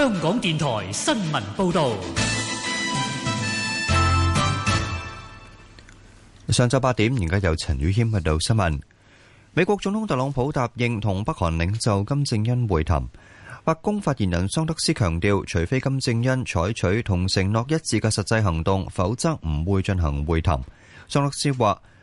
香港電台新聞報道：上晝八點，而家由陳宇謙報道新聞。美國總統特朗普答應同北韓領袖金正恩會談。白宮發言人桑德斯強調，除非金正恩採取同承諾一致嘅實際行動，否則唔會進行會談。桑德斯話。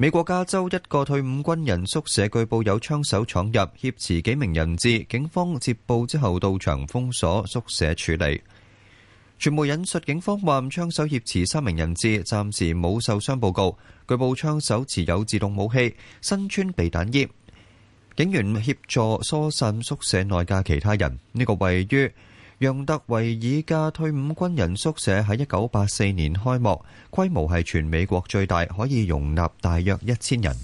美國加州一個退伍軍人宿舍據報有槍手闖入挾持幾名人質，警方接報之後到場封鎖宿舍處理。傳媒引述警方話，槍手挾持三名人質，暫時冇受傷報告。據報槍手持有自動武器，身穿避彈衣。警員協助疏散宿舍內嘅其他人。呢、這個位於。楊特維爾嘅退伍軍人宿舍喺一九八四年開幕，規模係全美國最大，可以容納大約一千人。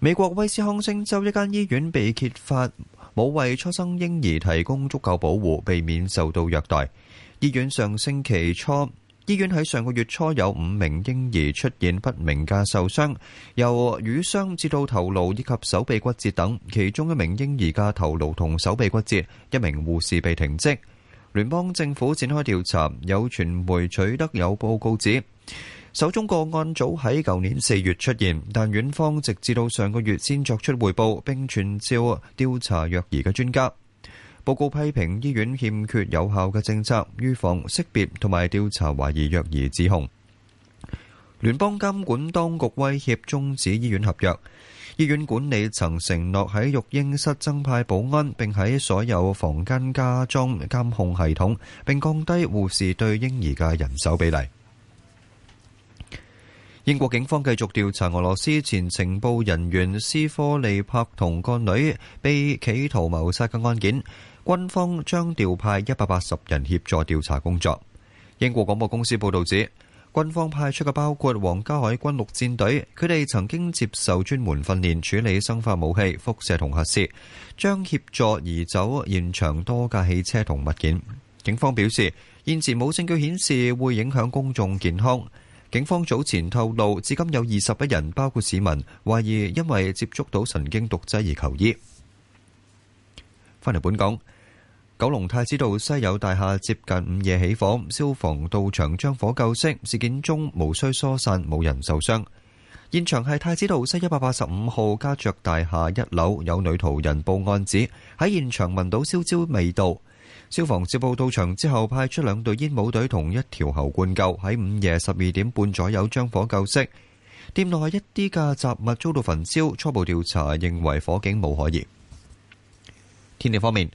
美國威斯康星州一間醫院被揭發冇為初生嬰兒提供足夠保護，避免受到虐待。醫院上星期初。醫院喺上個月初有五名嬰兒出現不明嘅受傷，由瘀傷至到頭顱以及手臂骨折等。其中一名嬰兒嘅頭顱同手臂骨折，一名護士被停職。聯邦政府展開調查，有傳媒取得有報告指，首宗個案早喺舊年四月出現，但院方直至到上個月先作出回報並傳召調查虐兒嘅專家。報告批評醫院欠缺有效嘅政策，預防、識別同埋調查懷疑虐兒指控。聯邦監管當局威脅終止醫院合約。醫院管理層承諾喺育嬰室增派保安，並喺所有房間加裝監控系統，並降低護士對嬰兒嘅人手比例。英國警方繼續調查俄羅斯前情報人員斯科利柏同個女被企圖謀殺嘅案件。軍方將調派一百八十人協助調查工作。英國廣播公司報道指，軍方派出嘅包括皇家海軍陸戰隊，佢哋曾經接受專門訓練處理生化武器、輻射同核射，將協助移走現場多架汽車同物件。警方表示，現時冇證據顯示會影響公眾健康。警方早前透露，至今有二十一人，包括市民，懷疑因爲接觸到神經毒劑而求醫。翻嚟本港。九龍太子道西有大廈接近午夜起火，消防到場將火救熄。事件中無需疏散，冇人受傷。現場係太子道西一百八十五號家爵大廈一樓，有女途人報案指喺現場聞到燒焦味道。消防接報到場之後，派出兩隊煙霧隊同一條喉灌救，喺午夜十二點半左右將火救熄。店內一啲嘅雜物遭到焚燒，初步調查認為火警無可疑。天氣方面，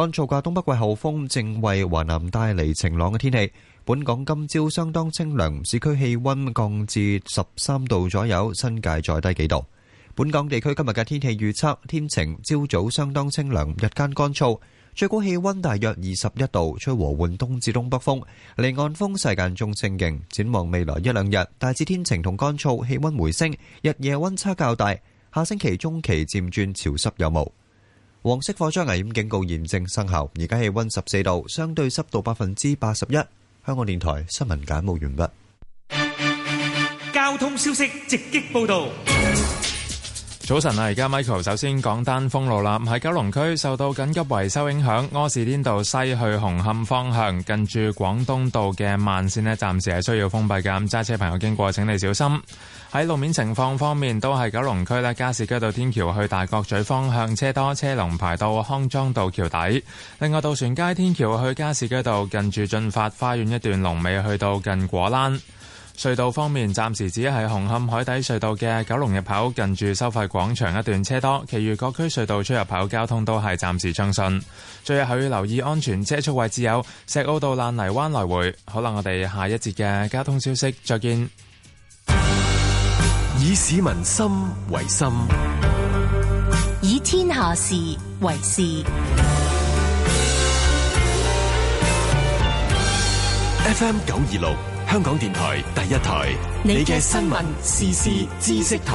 乾燥嘅東北季候風正為華南帶嚟晴朗嘅天氣，本港今朝相當清涼，市區氣溫降至十三度左右，新界再低幾度。本港地區今日嘅天氣預測天晴，朝早相當清涼，日間乾燥，最高氣溫大約二十一度，吹和緩東至東北風，離岸風勢間中清勁。展望未來一兩日，大致天晴同乾燥，氣溫回升，日夜溫差較大。下星期中期漸轉潮濕有霧。黃色火災危險警告現正生效，而家氣温十四度，相對濕度百分之八十一。香港電台新聞簡報完畢。交通消息直擊報道。早晨啊！而家 Michael 首先講單封路啦，喺九龍區受到緊急維修影響，柯士甸道西去紅磡方向近住廣東道嘅慢線呢，暫時係需要封閉噶。揸車朋友經過，請你小心。喺路面情況方面，都係九龍區呢，加士居道天橋去大角咀方向車多車龍排到康莊道橋底。另外，渡船街天橋去加士居道近住駿發花園一段龍尾去到近果欄。隧道方面，暫時只係紅磡海底隧道嘅九龍入口近住收費廣場一段車多，其餘各區隧道出入口交通都係暫時暢順。最後要留意安全車速位置，有石澳到爛泥，泥灣來回。好啦，我哋下一節嘅交通消息再見。以市民心為心，以天下事為事。F M 九二六。香港電台第一台，你嘅新聞時事知識台。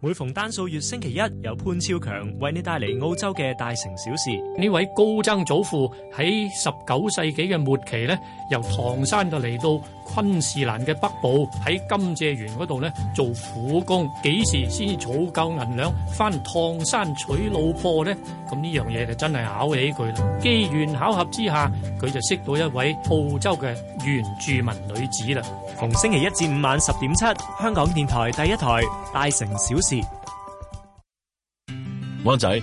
每逢單數月星期一，由潘超強為你帶嚟澳洲嘅大城小事。呢位高曾祖父喺十九世紀嘅末期呢，由唐山就嚟到，昆士蘭嘅北部喺，甘蔗園嗰度咧做苦工，幾時先至儲夠銀兩翻唐山娶老婆咧？咁呢樣嘢就真係考起佢啦。機緣巧合之下，佢就識到一位澳洲嘅原住民女子啦。逢星期一至五晚十點七，香港電台第一台《大城小事》。灣仔。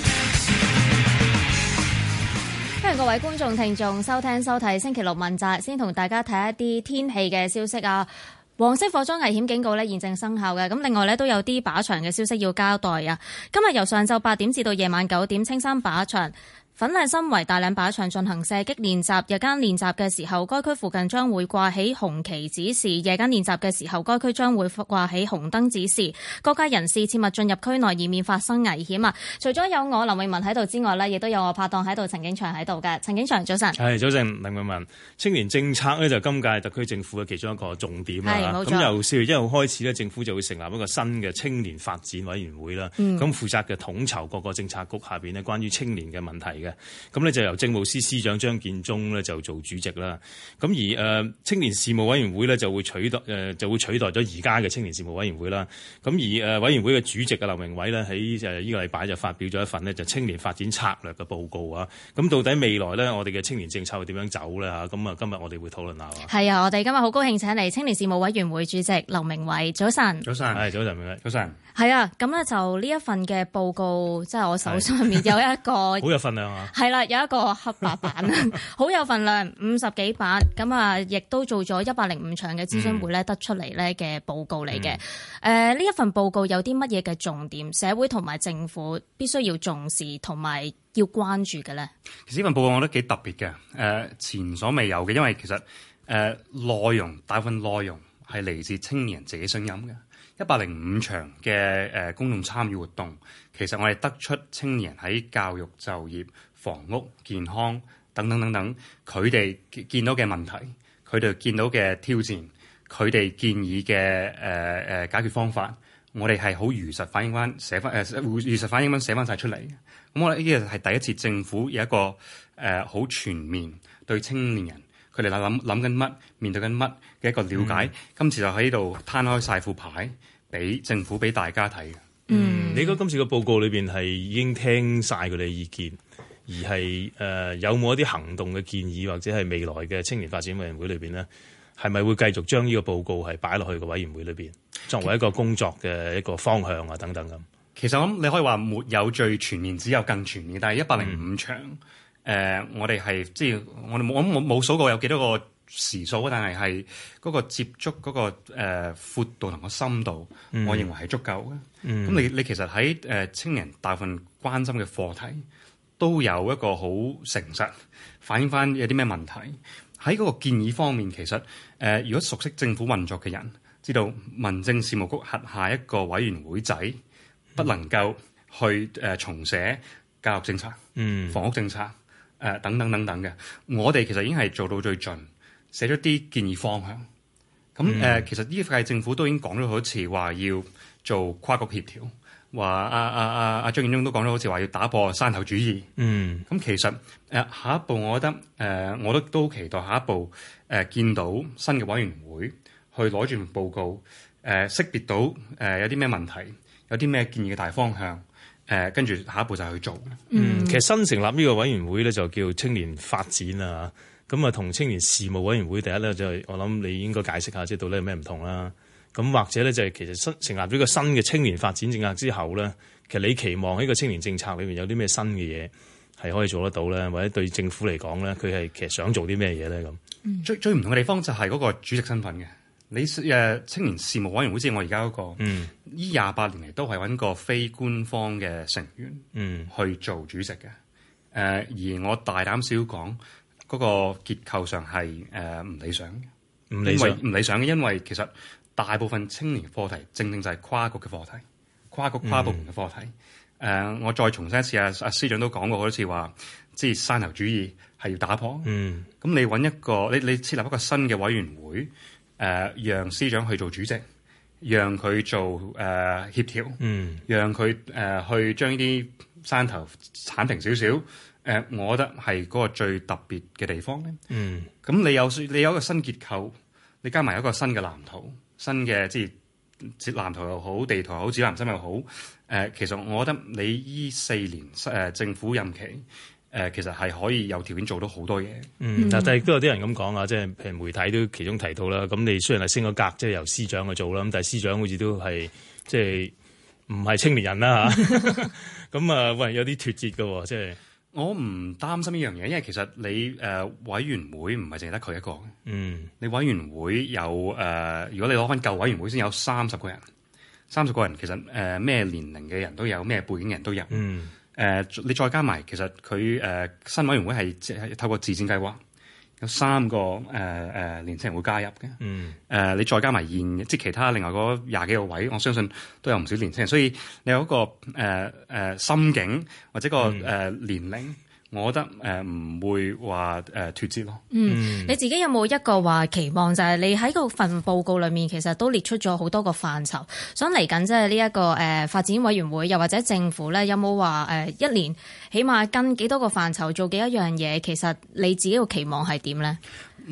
各位觀眾、聽眾，收聽收睇星期六問責，先同大家睇一啲天氣嘅消息啊。黃色火災危險警告呢現正生效嘅，咁、啊、另外呢，都有啲靶場嘅消息要交代啊。今日由上晝八點至到夜晚九點，青山靶場。粉嶺新圍大嶺靶場進行射擊練習，日間練習嘅時候，該區附近將會掛起紅旗指示；夜間練習嘅時候，該區將會掛起紅燈指示。各界人士切勿進入區內，以免發生危險啊！除咗有我林永文喺度之外呢，亦都有我拍檔喺度，陳景祥喺度嘅。陳景祥早晨，係早晨，林永文。青年政策呢，就今屆特區政府嘅其中一個重點啊！咁由四月一號開始呢，政府就會成立一個新嘅青年發展委員會啦。咁、嗯、負責嘅統籌各個政策局下邊呢，關於青年嘅問題嘅。咁呢就由政務司司長張建宗呢就做主席啦。咁而誒青年事務委員會咧就會取代誒就會取代咗而家嘅青年事務委員會啦。咁而誒委員會嘅主席嘅劉鳴煒呢，喺誒呢個禮拜就發表咗一份咧就青年發展策略嘅報告啊。咁到底未來呢，我哋嘅青年政策會點樣走呢？嚇？咁啊今日我哋會討論下。係啊，我哋今日好高興請嚟青年事務委員會主席劉鳴煒，早晨。早晨，係早晨，鳴煒早晨。係啊，咁咧就呢一份嘅報告，即、就、係、是、我手上面有一個好 有份量啊！係啦，有一個黑白版，好 有份量，五十幾版，咁啊，亦都做咗一百零五場嘅諮詢會咧，得出嚟咧嘅報告嚟嘅。誒、嗯，呢、呃、一份報告有啲乜嘢嘅重點，社會同埋政府必須要重視同埋要關注嘅咧？其實呢份報告我覺得幾特別嘅，誒、呃，前所未有嘅，因為其實誒內、呃、容，大部分內容係嚟自青年自己聲音嘅。一百零五場嘅誒、呃、公眾參與活動，其實我哋得出青年人喺教育、就業、房屋、健康等等等等，佢哋見到嘅問題，佢哋見到嘅挑戰，佢哋建議嘅誒誒解決方法，我哋係好如實反映翻寫翻誒、呃、如實反映翻寫翻曬出嚟。咁我哋呢啲係第一次政府有一個誒好、呃、全面對青年人，佢哋諗諗諗緊乜，面對緊乜嘅一個了解。嗯、今次就喺度攤開晒副牌，俾政府俾大家睇嘅，嗯，你覺得今次個報告裏邊係已經聽晒佢哋意見，而係誒、呃、有冇一啲行動嘅建議，或者係未來嘅青年發展委員會裏邊呢？係咪會繼續將呢個報告係擺落去個委員會裏邊，作為一個工作嘅一個方向啊等等咁？其實我諗你可以話沒有最全面，只有更全面，但係一百零五場誒、嗯呃，我哋係即係我哋我冇數過有幾多個。時數，但係係嗰個接觸嗰、那個誒、呃、闊度同個深度，嗯、我認為係足夠嘅。咁、嗯、你你其實喺誒、呃、青人大部分關心嘅課題，都有一個好誠實反映翻有啲咩問題喺嗰個建議方面。其實誒、呃，如果熟悉政府運作嘅人知道民政事務局轄下一個委員會仔不能夠去誒、呃、重寫教育政策、嗯、房屋政策誒、呃、等等等等嘅，我哋其實已經係做到最盡，寫咗啲建議方向，咁誒、呃嗯、其實呢屆政府都已經講咗好多次話要做跨局協調，話阿阿阿阿張建宗都講咗好似話要打破山頭主義。嗯，咁其實誒、呃、下一步，我覺得誒、呃、我都都期待下一步誒、呃、見到新嘅委員會去攞住份報告，誒、呃、識別到誒、呃、有啲咩問題，有啲咩建議嘅大方向，誒跟住下一步就去做。嗯，其實新成立呢個委員會咧就叫青年發展啊。咁啊，同青年事務委員會第一咧，就係我諗你應該解釋下，即係到底有咩唔同啦。咁或者咧，就係其實新成立咗一個新嘅青年發展政策之後咧，其實你期望喺個青年政策裏面有啲咩新嘅嘢係可以做得到咧，或者對政府嚟講咧，佢係其實想做啲咩嘢咧咁？最最唔同嘅地方就係嗰個主席身份嘅。你誒、啊、青年事務委員會先、那個，我而家嗰個呢廿八年嚟都係揾個非官方嘅成員去做主席嘅。誒、嗯，而我大膽少講。嗰個結構上係誒唔理想，唔理唔理想嘅，因為其實大部分青年課題正正就係跨國嘅課題，跨國跨部門嘅課題。誒、嗯呃，我再重申一次，阿、啊、阿司長都講過好多次話，即係山頭主義係要打破。嗯，咁你揾一個，你你設立一個新嘅委員會，誒、呃，讓司長去做主席，讓佢做誒、呃、協調，嗯，讓佢誒、呃、去將呢啲山頭剷平少少。誒、呃，我覺得係嗰個最特別嘅地方咧。嗯。咁你有你有一個新結構，你加埋一個新嘅藍圖，新嘅即係即藍圖又好，地圖又好，指南針又好。誒，其實我覺得你依四年誒、呃、政府任期，誒、呃、其實係可以有條件做到好多嘢。嗯。嗱，但係都有啲人咁講啊，即係譬如媒體都其中提到啦。咁你雖然係升咗格，即係由司長去做啦。咁但係司長好似都係即係唔係青年人啦。咁啊， 喂、呃，有啲脫節嘅喎，即係。我唔擔心呢樣嘢，因為其實你誒、呃、委員會唔係淨係得佢一個，嗯，你委員會有誒、呃，如果你攞翻舊委員會先有三十個人，三十個人其實誒咩、呃、年齡嘅人都有，咩背景人都有。嗯、呃，誒你再加埋，其實佢誒、呃、新委員會係即係透過自薦計劃。有三個誒誒、呃呃、年青人會加入嘅，嗯、呃，誒你再加埋現，即係其他另外嗰廿幾個位，我相信都有唔少年青人，所以你有一個誒誒、呃呃、心境或者個誒、嗯呃、年齡。我覺得誒唔、呃、會話誒脫節咯。嗯，你自己有冇一個話期望就係、是、你喺個份報告裏面，其實都列出咗好多個範疇。想嚟緊即係呢一個誒、呃、發展委員會，又或者政府咧，有冇話誒一年起碼跟幾多個範疇做幾多樣嘢？其實你自己個期望係點咧？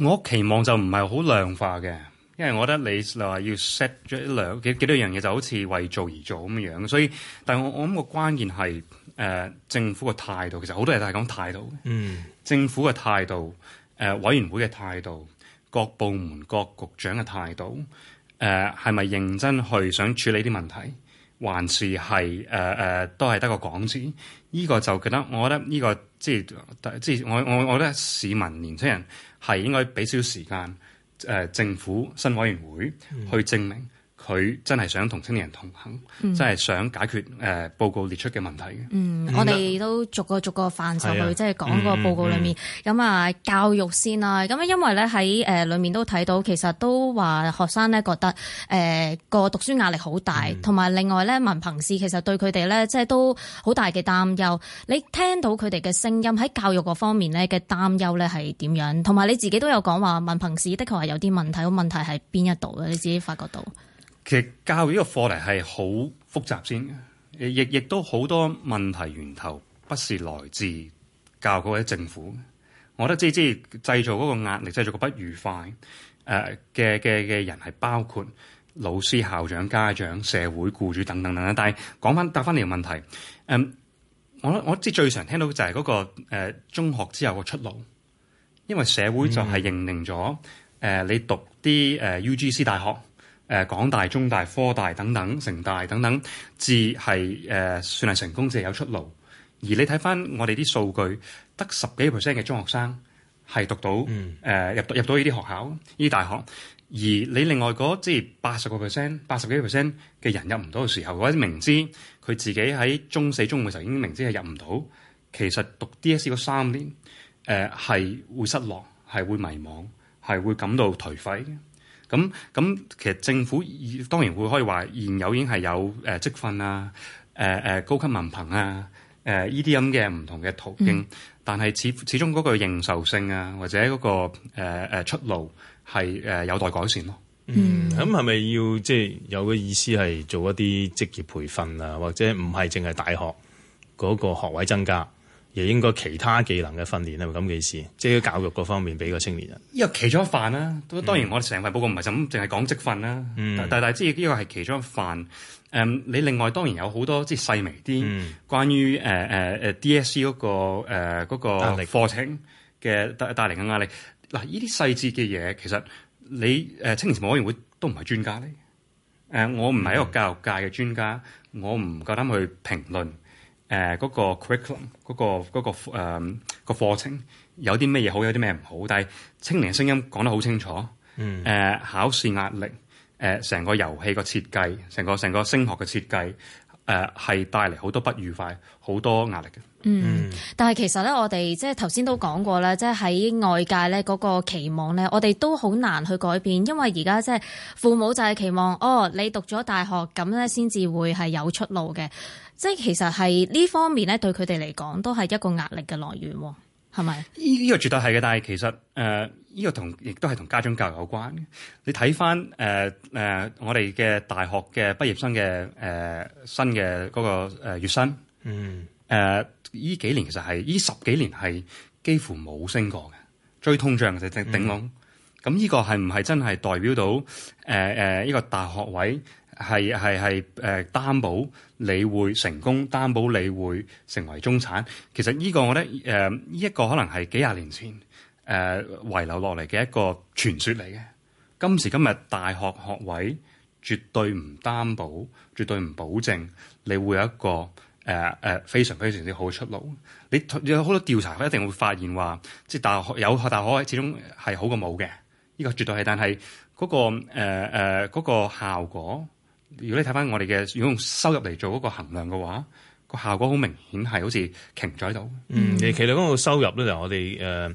我期望就唔係好量化嘅，因為我覺得你話要 set 咗兩幾幾多樣嘢，就好似為做而做咁樣樣。所以，但係我我諗個關鍵係。誒政府嘅態度，其實好多嘢都係講態度嘅。嗯，政府嘅態度，誒、呃、委員會嘅態度，各部門各局長嘅態度，誒係咪認真去想處理啲問題，還是係誒誒都係得個講字？呢、呢個就覺得，我覺得依、呢個即係即係我我我覺得市民年輕人係應該俾少少時間誒、呃、政府新委員會去證明。嗯佢真係想同青年同行，嗯、真係想解決誒、呃、報告列出嘅問題，嗯，嗯我哋都逐個逐個範疇去，即係講個報告裏面咁啊、嗯。教育先啦，咁啊，因為咧喺誒裏面都睇到，其實都話學生咧覺得誒個、呃、讀書壓力好大，同埋、嗯、另外咧文憑試其實對佢哋咧即係都好大嘅擔憂。你聽到佢哋嘅聲音喺教育嗰方面咧嘅擔憂咧係點樣？同埋你自己都有講話文憑試的確係有啲問題，問題係邊一度咧？你自己發覺到。其實教育呢個課題係好複雜先，亦亦都好多問題源頭不是來自教育或者政府。我覺得即係即係製造嗰個壓力、製造個不愉快，誒嘅嘅嘅人係包括老師、校長、家長、社會、僱主等等等啦。但係講翻答翻你個問題，誒、呃、我我知最常聽到就係嗰、嗰個、呃、中學之後個出路，因為社會就係認定咗誒、嗯呃、你讀啲誒、呃、UGC 大學。誒、呃、港大、中大、科大等等、城大等等，至係誒算係成功，即係有出路。而你睇翻我哋啲數據，得十幾個 percent 嘅中學生係讀到誒、嗯呃、入入到呢啲學校、呢啲大學。而你另外嗰即係八十個 percent、八十幾個 percent 嘅人入唔到嘅時候，或者明知佢自己喺中四、中五嘅時候已經明知係入唔到，其實讀 DSE 嗰三年誒係、呃、會失落、係會迷茫、係會感到頹廢。咁咁，其實政府當然會可以話現有已經係有誒積分啊、誒、呃、誒、呃、高級文憑啊、誒呢啲咁嘅唔同嘅途徑，嗯、但係始始終嗰個認受性啊，或者嗰、那個誒、呃、出路係誒有待改善咯。嗯，咁係咪要即係、就是、有個意思係做一啲職業培訓啊，或者唔係淨係大學嗰個學位增加？亦應該其他技能嘅訓練，咪咁嘅意思，即係教育嗰方面俾個青年人。一個其中一範啦、啊，當然我哋成份報告唔係咁淨係講積分啦、啊嗯，但係但係即係呢個係其中一範。誒、嗯，你另外當然有好多即係細微啲、嗯、關於誒誒誒 DSE 嗰個誒嗰、呃嗰個、課程嘅帶帶嚟嘅壓力。嗱，呢啲細節嘅嘢，其實你誒青年事務委員會都唔係專家咧。誒、呃，我唔係一個教育界嘅專家，嗯、我唔夠膽去評論。誒嗰、呃那個 curriculum 嗰、那個那個呃那個課程有啲咩嘢好，有啲咩唔好，但係青年聲音講得好清楚。嗯。誒、呃、考試壓力，誒、呃、成個遊戲個設計，成個成個升學嘅設計，誒、呃、係帶嚟好多不愉快，好多壓力嘅。嗯。嗯但係其實咧，我哋即係頭先都講過啦，即係喺外界咧嗰個期望咧，我哋都好難去改變，因為而家即係父母就係期望，哦，你讀咗大學咁咧，先至會係有出路嘅。即係其實係呢方面咧，對佢哋嚟講都係一個壓力嘅來源，係咪？呢個絕對係嘅，但係其實誒，呢、呃呢個同亦都係同家長教育有關。你睇翻，誒誒，我哋嘅大學嘅畢業生嘅誒、呃、新嘅嗰、嗰個誒、呃、月薪，嗯誒呢、呃、幾年其實係呢十幾年係幾乎冇升過嘅，追通脹就頂頂籠。咁呢、嗯嗯、個係唔係真係代表到誒誒呢個大學位？係係係誒，擔保你會成功，擔保你會成為中產。其實呢個我覺得誒，呢一個可能係幾廿年前誒遺留落嚟嘅一個傳說嚟嘅。今時今日大學學位絕對唔擔保，絕對唔保證你會有一個誒誒非常非常之好嘅出路。你有好多調查，一定會發現話，即係大學有學大學，始終係好過冇嘅。呢個絕對係，但係嗰個誒誒嗰個效果。如果你睇翻我哋嘅，如果用收入嚟做一個衡量嘅話，個效果好明顯係好似停咗喺度。嗯，其實嗰個收入咧就我哋誒、呃、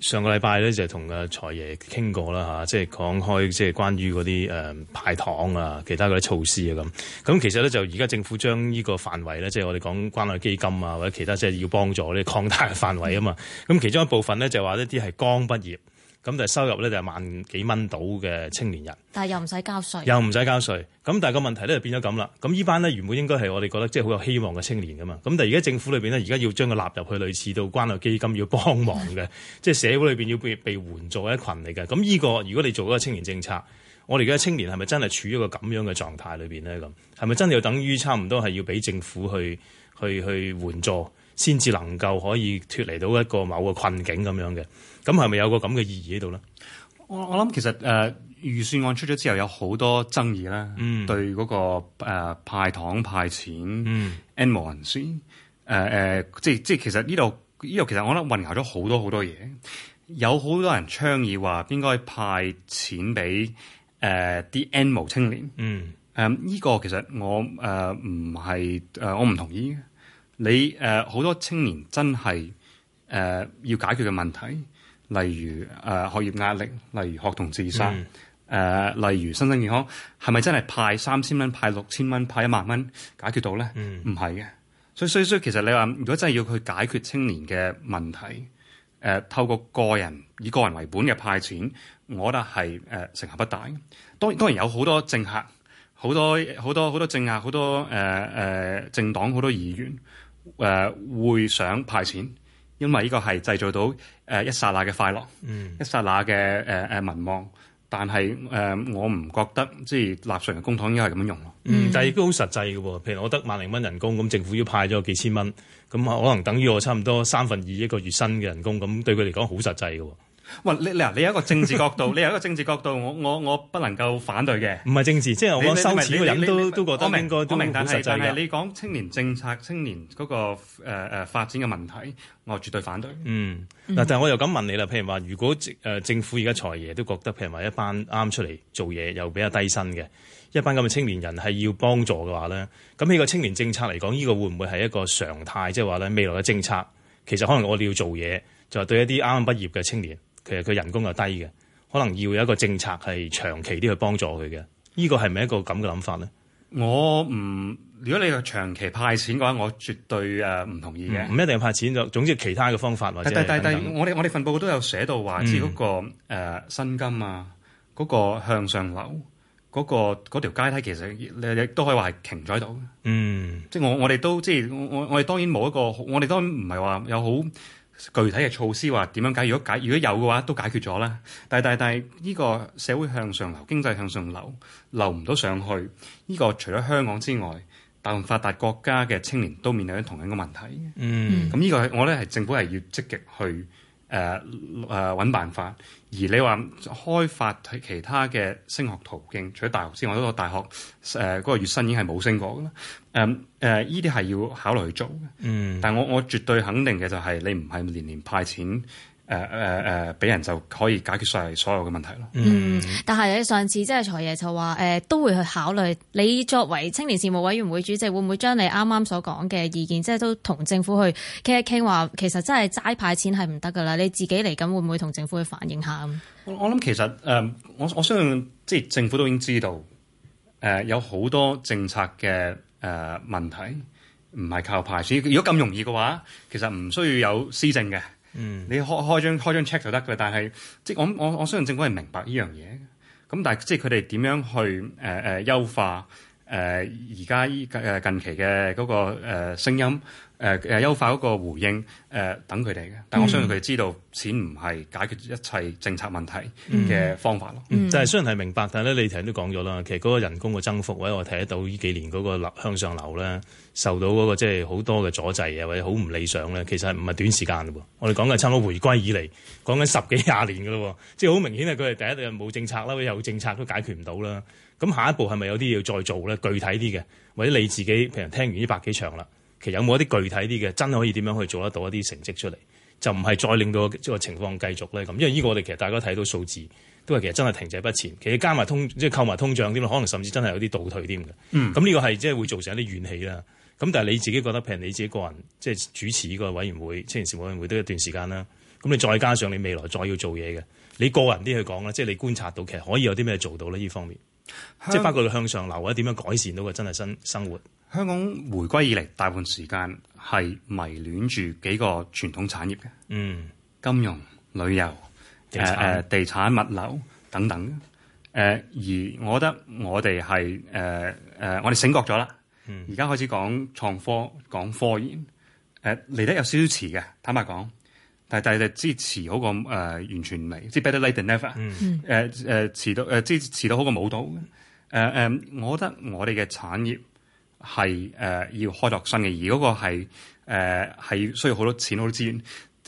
上個禮拜咧就同阿財爺傾過啦嚇，即係講開即係關於嗰啲誒派糖啊，其他嗰啲措施啊咁。咁其實咧就而家政府將呢個範圍咧，即、就、係、是、我哋講關愛基金啊或者其他即係要幫助呢擴大嘅範圍啊嘛。咁、嗯、其中一部分咧就話、是、一啲係剛畢業。咁就係收入咧，就係萬幾蚊到嘅青年人，但係又唔使交稅，又唔使交稅。咁但係個問題咧就變咗咁啦。咁呢班咧原本應該係我哋覺得即係好有希望嘅青年噶嘛。咁但係而家政府裏邊咧，而家要將佢納入去類似到關愛基金要幫忙嘅， 即係社會裏邊要被,被援助一羣嚟嘅。咁呢、這個如果你做一個青年政策，我哋而家青年係咪真係處於一個咁樣嘅狀態裏邊咧？咁係咪真係要等於差唔多係要俾政府去去去援助，先至能夠可以脱離到一個某個困境咁樣嘅？咁係咪有個咁嘅意義喺度咧？我我諗其實誒、呃、預算案出咗之後，有好多爭議啦。嗯對、嗰個，對嗰個派糖派錢，嗯，n 冇人先誒誒，即即其實呢度呢度其實我覺得混淆咗好多好多嘢。有好多人倡議話應該派錢俾誒啲 n 冇青年，嗯、呃，誒、呢、呢個其實我誒唔係誒我唔同意。你誒好、呃、多青年真係誒、呃、要解決嘅問題。例如誒、呃、學業壓力，例如學童自殺，誒、嗯呃、例如身心健康，係咪真係派三千蚊、派六千蚊、派一萬蚊解決到咧？唔係嘅，所以所以所以，其實你話如果真係要去解決青年嘅問題，誒、呃、透過個人以個人為本嘅派錢，我覺得係誒、呃、成效不大。當然當然有好多政客，好多好多好多政客，好多誒誒、呃呃、政黨，好多議員誒、呃、會想派錢。因為呢個係製造到誒一剎那嘅快樂，嗯、一剎那嘅誒誒民望，但係誒、呃、我唔覺得即係、呃、納稅人公帑應該係咁樣用咯。嗯，但係亦都好實際嘅喎。譬如我得萬零蚊人工，咁政府要派咗幾千蚊，咁可能等於我差唔多三分二一個月薪嘅人工，咁對佢嚟講好實際嘅喎。喂，你嗱，你有一個政治角度， 你有一個政治角度，我我我不能夠反對嘅，唔係政治，即係我講收錢個人都都覺得明，應該都實際，明，但係你講青年政策、青年嗰個誒誒發展嘅問題，我絕對反對。嗯嗱，但係我又咁問你啦，譬如話，如果政政府而家財爺都覺得，譬如話一班啱出嚟做嘢又比較低薪嘅一班咁嘅青年人係要幫助嘅話咧，咁呢個青年政策嚟講，呢個會唔會係一個常態？即係話咧未來嘅政策其實可能我哋要做嘢就係對一啲啱畢業嘅青年。其實佢人工又低嘅，可能要有一個政策係長期啲去幫助佢嘅，呢、這個係咪一個咁嘅諗法咧？我唔，如果你話長期派錢嘅話，我絕對誒唔、呃、同意嘅。唔、嗯、一定派錢，就總之其他嘅方法或者等等。我哋我哋份報告都有寫到話，至於嗰個薪、呃、金啊，嗰、那個向上流，嗰、那個嗰條階梯其實你亦都可以話係停咗喺度嗯，即係我我哋都即係我我我哋當然冇一個，我哋當然唔係話有好。具體嘅措施話點樣解，解？如果解如果有嘅話，都解決咗啦。但係但係但係，依、這個社會向上流，經濟向上流，流唔到上去。呢、這個除咗香港之外，大部分發達國家嘅青年都面臨緊同樣一個問題。嗯，咁依、嗯這個我咧係政府係要積極去誒誒揾辦法。而你話開發其他嘅升學途徑，除咗大學之外，嗰個大學誒嗰、呃那個月薪已經係冇升過噶啦。誒誒，呢啲係要考慮去做嘅。嗯，但係我我絕對肯定嘅就係你唔係年年派錢，誒誒誒，俾、呃、人就可以解決晒所有嘅問題咯。嗯，嗯但係你上次即係財爺就話誒，都會去考慮。你作為青年事務委員會主席，會唔會將你啱啱所講嘅意見，即係都同政府去傾一傾？話其實真係齋派錢係唔得㗎啦。你自己嚟緊會唔會同政府去反映下咁？我我諗其實誒，我、呃、我相信即係政府都已經知道，誒、呃、有好多政策嘅。誒、呃、問題唔係靠派錢，如果咁容易嘅話，其實唔需要有施政嘅。嗯，你開開張開張 check 就得嘅。但係即係我我我相信政府係明白呢樣嘢嘅。咁但係即係佢哋點樣去誒誒、呃呃、優化誒而家依誒近期嘅嗰、那個誒、呃、聲音。誒誒、呃，優化嗰個回應誒、呃，等佢哋嘅。但我相信佢哋知道，錢唔係解決一切政策問題嘅方法咯。就係、嗯嗯嗯、雖然係明白，但係咧，你頭先都講咗啦，其實嗰個人工嘅增幅，或者我睇得到呢幾年嗰個向上流咧，受到嗰個即係好多嘅阻滯啊，或者好唔理想咧，其實唔係短時間嘅喎？我哋講緊差唔多回歸以嚟，講緊十幾廿年嘅咯，即係好明顯係佢哋第一就冇政策啦，有政策都解決唔到啦。咁下一步係咪有啲要再做咧？具體啲嘅，或者你自己譬如聽完呢百幾場啦。其實有冇一啲具體啲嘅真係可以點樣去做得到一啲成績出嚟？就唔係再令到個情況繼續咧咁，因為呢個我哋其實大家睇到數字都係其實真係停滯不前。其實加埋通即係扣埋通脹添可能甚至真係有啲倒退添嘅。咁呢、嗯、個係即係會造成一啲怨氣啦。咁但係你自己覺得譬如你自己個人即係主持呢個委員會，青年事務委員會都一段時間啦。咁你再加上你未來再要做嘢嘅，你個人啲去講啦，即係你觀察到其實可以有啲咩做到呢？呢方面即係包括向上流或者點樣改善到個真係生生活。香港回歸以嚟，大部分時間係迷戀住幾個傳統產業嘅，嗯，金融、旅遊、誒誒地產、呃、地產物流等等。誒、呃，而我覺得我哋係誒誒，我哋醒覺咗啦。而家開始講創科、講科研，誒、呃、嚟得有少少遲嘅，坦白講，但係但係支持好過誒、呃、完全唔嚟。即係 better late than never 嗯嗯，誒誒、uh,，遲到誒，即係遲到好過冇到誒誒，我覺得我哋嘅產業。係誒、呃、要開拓新嘅，而嗰個係誒、呃、需要好多錢，好多資源，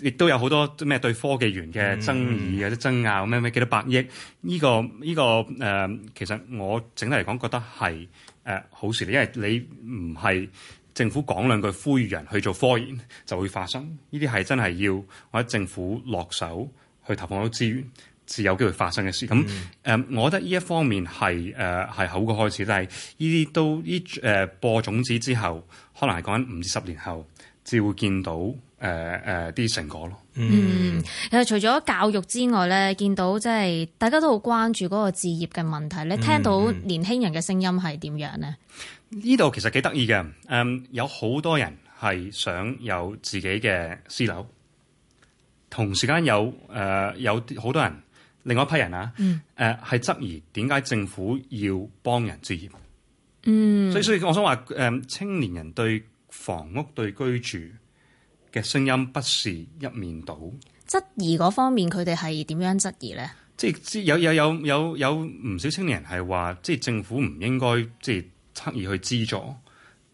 亦都有好多咩對科技園嘅爭議或者爭拗咩咩幾多百億呢、這個呢、這個誒、呃、其實我整體嚟講覺得係誒、呃、好事嚟，因為你唔係政府講兩句呼籲人去做科研就會發生。呢啲係真係要或者政府落手去投放好多資源。是有機會發生嘅事咁，誒、嗯嗯，我覺得呢一方面係誒係好嘅開始，但係呢啲都呢誒、呃、播種子之後，可能係講緊五至十年後，至會見到誒誒啲成果咯。嗯，嗯，其實除咗教育之外咧，見到即係大家都好關注嗰個置業嘅問題咧，你聽到年輕人嘅聲音係點樣呢？呢度、嗯嗯、其實幾得意嘅，誒、呃，有好多人係想有自己嘅私樓，同時間有誒、呃、有好多人。另外一批人啊，誒係、嗯呃、質疑點解政府要幫人置業？嗯，所以所以我想話誒、嗯，青年人對房屋對居住嘅聲音不是一面倒。質疑嗰方面，佢哋係點樣質疑咧？即係有有有有有唔少青年人係話，即係政府唔應該即係刻意去資助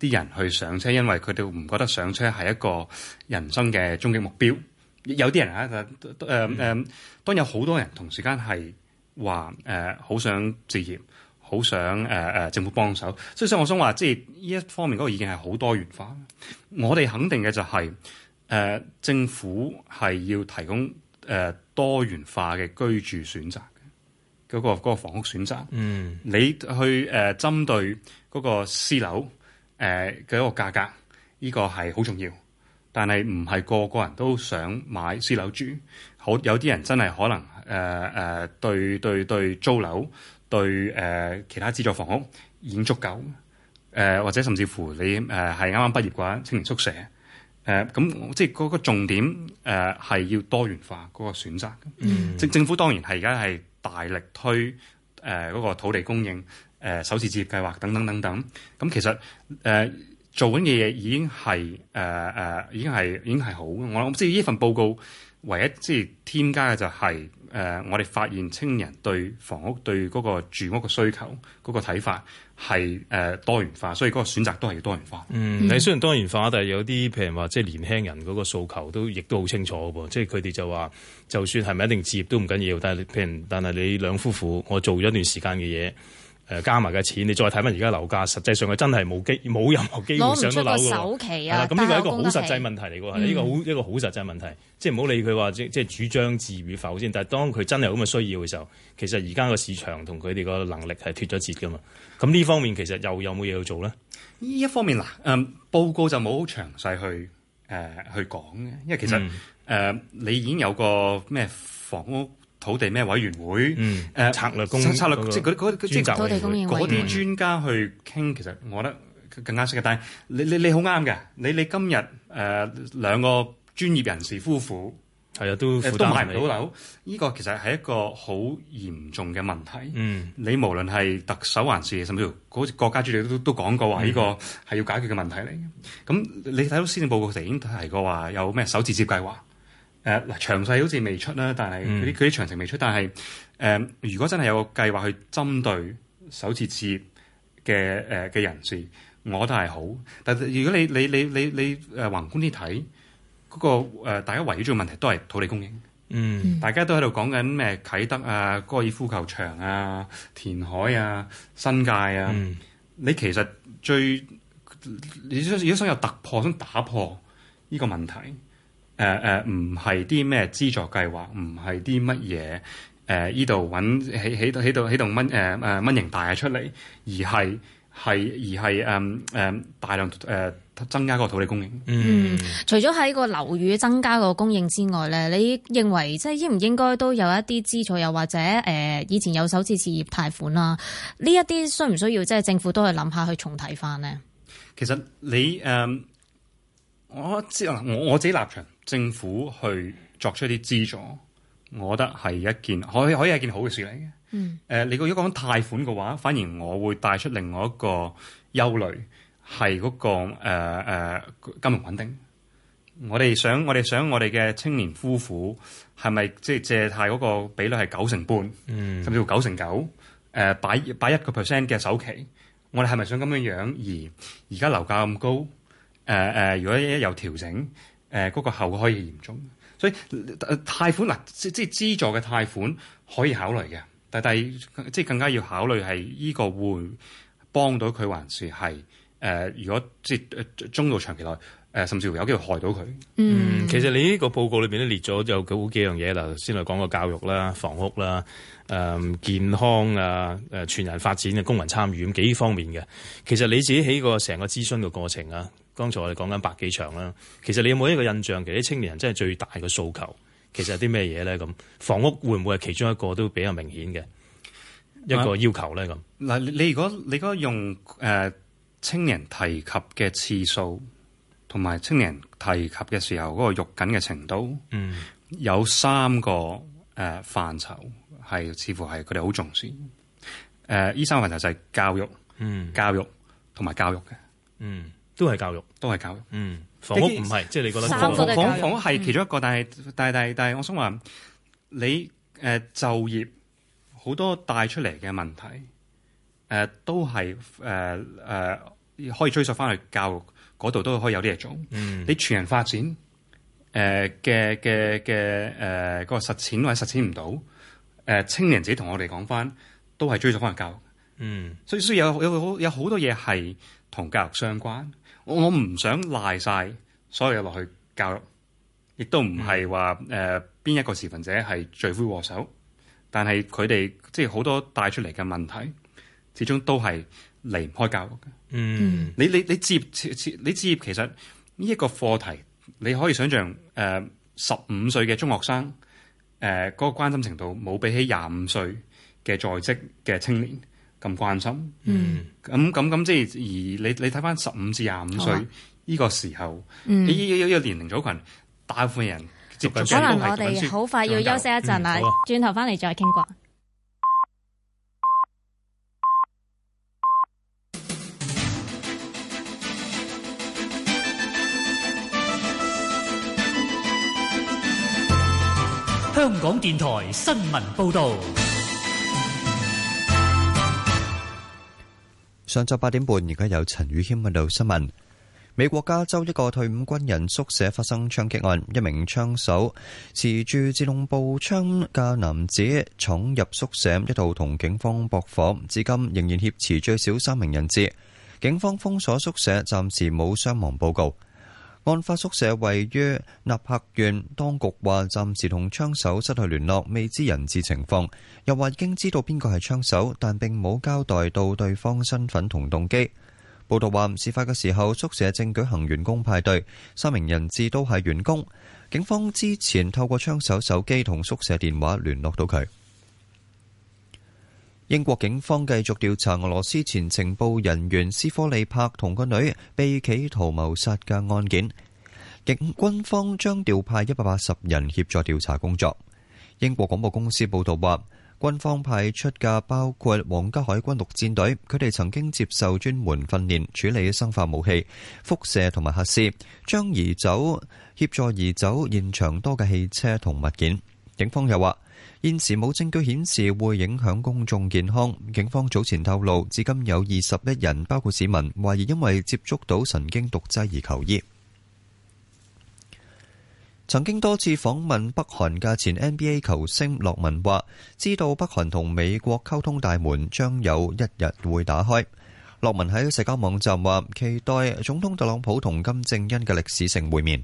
啲人去上車，因為佢哋唔覺得上車係一個人生嘅終極目標。有啲人啊，誒、呃、誒，當有好多人同時間係話誒好想置業，好想誒誒、呃、政府幫手，所以我想話即係呢一方面嗰個意見係好多元化。我哋肯定嘅就係、是、誒、呃、政府係要提供誒、呃、多元化嘅居住選擇嗰、那個嗰、那個房屋選擇嗯，你去誒針、呃、對嗰個私樓誒嘅一個價格，呢、這個係好重要。但係唔係個個人都想買私樓住，好有啲人真係可能誒誒對對對租樓，對誒、呃、其他資助房屋已經足夠，誒、呃、或者甚至乎你誒係啱啱畢業嘅話，青年宿舍誒咁、呃，即係嗰、那個重點誒係、呃、要多元化嗰個選擇。政、嗯、政府當然係而家係大力推誒嗰、呃那個土地供應誒、呃、首次置業計劃等等等等。咁、呃、其實誒。呃做緊嘢已經係誒誒，已經係已經係好。我諗即係呢份報告唯一即係添加嘅就係、是、誒、呃，我哋發現青人對房屋對嗰個住屋嘅需求嗰、那個睇法係誒、呃、多元化，所以嗰個選擇都係要多元化。嗯，你雖然多元化，但係有啲譬如話即係年輕人嗰個訴求都亦都好清楚嘅噃，即係佢哋就話就算係咪一定置業都唔緊要，要，但係你譬如但係你兩夫婦我做咗一段時間嘅嘢。誒加埋嘅錢，你再睇翻而家樓價，實際上佢真係冇機冇任何機會上到樓，攞唔出首期啊！咁呢個係一個好實際問題嚟喎。呢個好一個好、嗯、實際問題，即係唔好理佢話即係主張自與否先。但係當佢真係有咁嘅需要嘅時候，其實而家個市場同佢哋個能力係脫咗節噶嘛。咁呢方面其實又有冇嘢要做呢？呢一方面嗱，誒、呃、報告就冇好詳細去誒、呃、去講嘅，因為其實誒、嗯呃、你已經有個咩房屋。土地咩委員會？誒、嗯呃、策略公策略，即係嗰嗰嗰即係嗰啲專家去傾，其實我覺得更加適嘅。但係你你你好啱嘅，你你，你，你今日誒、呃、兩個專業人士夫婦係啊、嗯，都都買唔到樓，呢你、啊、個其實係一個好嚴重嘅問題。嗯，你無論係特首還是甚至乎嗰國家主席都都講過話，呢個係要解決嘅問題嚟。咁、嗯、你睇到施政報告時已經提過話，有咩首次接計劃？誒嗱，uh, 詳細好似未出啦，但係嗰啲嗰啲詳情未出，但係誒、嗯呃，如果真係有個計劃去針對首次置業嘅誒嘅人士，我都係好。但係如果你你你你你誒、呃、宏觀啲睇，嗰、那個、呃、大家圍繞住嘅問題都係土地供應。嗯，大家都喺度講緊咩啟德啊、高爾夫球場啊、填海啊、新界啊。嗯、你其實最你如果想有突破，想打破呢個問題。誒誒，唔係啲咩資助計劃，唔係啲乜嘢誒？依度揾喺喺度喺度喺度掹誒誒掹營大出嚟，而係係而係誒誒大量誒、呃、增加個土地供應。嗯，除咗喺個樓宇增加個供應之外咧，你認為即係應唔應該都有一啲資助，又或者誒、呃、以前有首次置業貸款啦、啊？呢一啲需唔需要即係政府都去諗下去重提翻呢？其實你誒、呃，我知我我，我，我自己立場。政府去作出一啲資助，我覺得係一件可以可以係一件好嘅事嚟嘅。誒、嗯呃，你如果講貸款嘅話，反而我會帶出另外一個憂慮，係嗰、那個誒、呃呃、金融穩定。我哋想,想我哋想我哋嘅青年夫婦係咪即係借貸嗰個比率係九成半，嗯、甚至乎九成九？誒，擺擺一個 percent 嘅首期，我哋係咪想咁樣樣？而而家樓價咁高，誒、呃、誒、呃，如果一有調整？誒嗰、呃，那個後果可以嚴重，所以貸、呃、款嗱、啊、即即係資助嘅貸款可以考慮嘅，但係即係更加要考慮係呢個會幫到佢還是係。誒、呃，如果即、呃、中度長期內誒、呃，甚至乎有機會害到佢。嗯，其實你呢個報告裏邊都列咗有好幾樣嘢嗱，先嚟講個教育啦、房屋啦、誒、嗯、健康啊、誒全人發展嘅公民參與咁幾方面嘅。其實你自己喺個成個諮詢嘅過程啊，剛才我哋講緊百幾場啦。其實你有冇一個印象？其實啲青年人真係最大嘅訴求其實係啲咩嘢咧？咁房屋會唔會係其中一個都比較明顯嘅一個要求咧？咁嗱、嗯嗯，你如果你如果用誒，呃青年提及嘅次數，同埋青年提及嘅時候嗰個肉緊嘅程度，嗯，有三個誒範疇係似乎係佢哋好重視。誒，依三個範疇就係教育，嗯，教育同埋教育嘅，嗯，都係教育，都係教育，嗯，房屋唔係，即係你覺得房房房屋係其中一個，但係但係但係，我想話你誒就業好多帶出嚟嘅問題。誒、呃、都係誒誒可以追溯翻去教育度，都可以有啲嘢做。嗯、你全人發展誒嘅嘅嘅誒個實踐或者實踐唔到誒、呃、青年自己同我哋講翻，都係追溯翻去教育。嗯，所，所以所以有有好有好多嘢係同教育相關，我我唔想賴晒所有嘢落去教育，亦都唔係話誒邊一個持份者係罪魁禍首，但係佢哋即係好多帶出嚟嘅問題。始終都係離唔開教育。嗯，你你你接你接其實呢一個課題，你可以想象誒，十五歲嘅中學生誒，嗰、呃，那個關心程度冇比起廿五歲嘅在職嘅青年咁關心。嗯，咁咁咁即係而你你睇翻十五至廿五歲呢個時候，呢呢呢個年齡組群大部分人接觸嘅都係。可能我哋好快要休息一陣啦，轉頭翻嚟再傾過。 香港電台新聞報道：上晝八點半，而家有陳宇謙報道新聞。美國加州一個退伍軍人宿舍發生槍擊案，一名槍手持住自動步槍嘅男子闖入宿舍，一度同警方駁火，至今仍然挾持最少三名人質。警方封鎖宿舍，暫時冇傷亡報告。案發宿舍位於納柏縣，當局話暫時同槍手失去聯絡，未知人質情況。又話已經知道邊個係槍手，但並冇交代到對方身份同動機。報道話，事發嘅時候，宿舍正舉行員工派對，三名人質都係員工。警方之前透過槍手手機同宿舍電話聯絡到佢。英國警方繼續調查俄羅斯前情報人員斯科利帕同個女被企圖謀殺嘅案件，警軍方將調派一百八十人協助調查工作。英國廣播公司報道話，軍方派出嘅包括皇家海軍陸戰隊，佢哋曾經接受專門訓練處理生化武器、輻射同埋核試，將移走協助移走現場多嘅汽車同物件。警方又話，現時冇證據顯示會影響公眾健康。警方早前透露，至今有二十一人，包括市民，懷疑因為接觸到神經毒劑而求醫。曾經多次訪問北韓嘅前 NBA 球星洛文話，知道北韓同美國溝通大門將有一日會打開。洛文喺社交網站話，期待總統特朗普同金正恩嘅歷史性會面。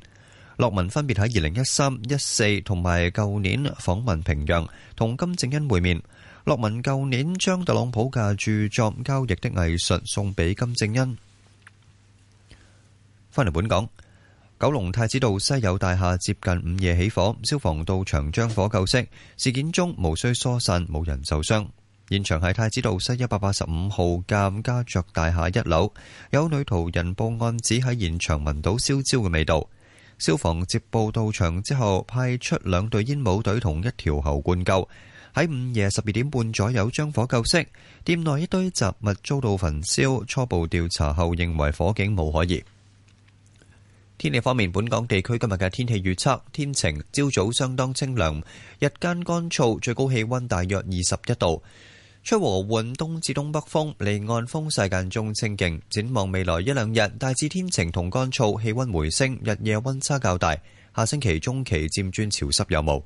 洛文分別喺二零一三、一四同埋舊年訪問平壤，同金正恩會面。洛文舊年將特朗普嘅著作《交易的藝術》送俾金正恩。翻嚟本港，九龍太子道西有大廈接近午夜起火，消防到場將火救熄。事件中無需疏散，無人受傷。現場喺太子道西一百八十五號間嘉爵大廈一樓，有女途人報案，指喺現場聞到燒焦嘅味道。消防接報到場之後，派出兩隊煙帽隊同一條喉灌救。喺午夜十二點半左右將火救熄，店內一堆雜物遭到焚燒。初步調查後認為火警無可疑。天氣方面，本港地區今日嘅天氣預測天晴，朝早相當清涼，日間乾燥，最高氣温大約二十一度。吹和緩東至東北風，離岸風勢間中清勁。展望未來一兩日，大致天晴同乾燥，氣溫回升，日夜溫差較大。下星期中期漸轉潮濕有霧，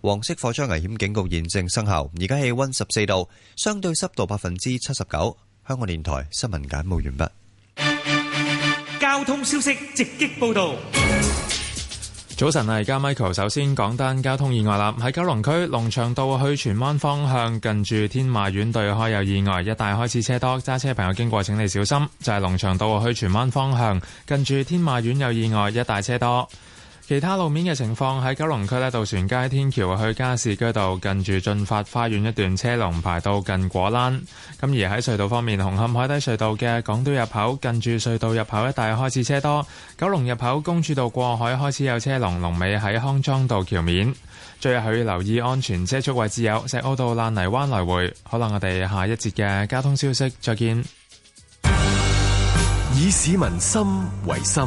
黃色火災危險警告現正生效。而家氣溫十四度，相對濕度百分之七十九。香港電台新聞簡報完畢。交通消息直擊報道。早晨，而家 Michael。首先講單交通意外啦，喺九龍區龍翔道去荃灣方向近住天馬苑對開有意外，一帶開始車多，揸車朋友經過，請你小心。就係、是、龍翔道去荃灣方向近住天馬苑有意外，一帶車多。其他路面嘅情況，喺九龍區呢，渡船街天橋去加士居道近住駿發花園一段車龍排到近果欄。咁而喺隧道方面，紅磡海底隧道嘅港島入口近住隧道入口一帶開始車多，九龍入口公主道過海開始有車龍，龍尾喺康莊道橋面。最後要留意安全車速位置有石澳道爛泥灣來回。可能我哋下一節嘅交通消息再見。以市民心為心。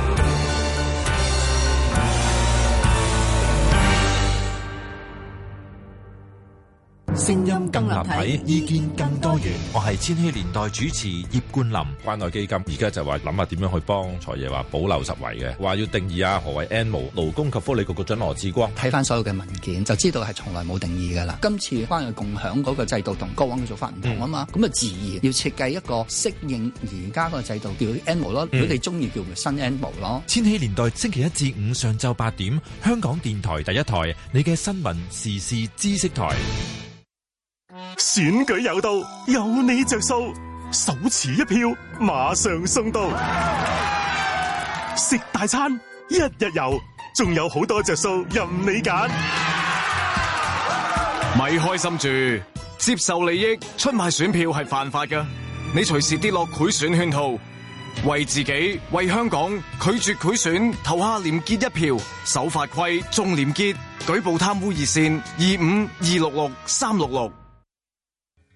聲音更立體，意見更多元。我係千禧年代主持葉冠霖，關愛基金而家就話諗下點樣去幫財爺話保留十圍嘅，話要定義啊何為 NMO？勞工及福利局局長羅致光睇翻所有嘅文件就知道係從來冇定義噶啦。今次關愛共享嗰個制度國同過往嘅做法唔同啊嘛，咁啊自然要設計一個適應而家個制度叫 NMO 咯。如果你中意叫做新 NMO 咯。千禧年代星期一至五上晝八點，香港電台第一台，你嘅新聞時事知識台。選舉有道，有你着數，手持一票，馬上送到。食大餐，一日遊，仲有好多着數，任你揀。咪開心住，接受利益，出賣選票係犯法噶。你隨時跌落賄選圈套，為自己為香港拒絕賄選，投下廉潔一票，守法規，重廉潔，舉報貪污熱線二五二六六三六六。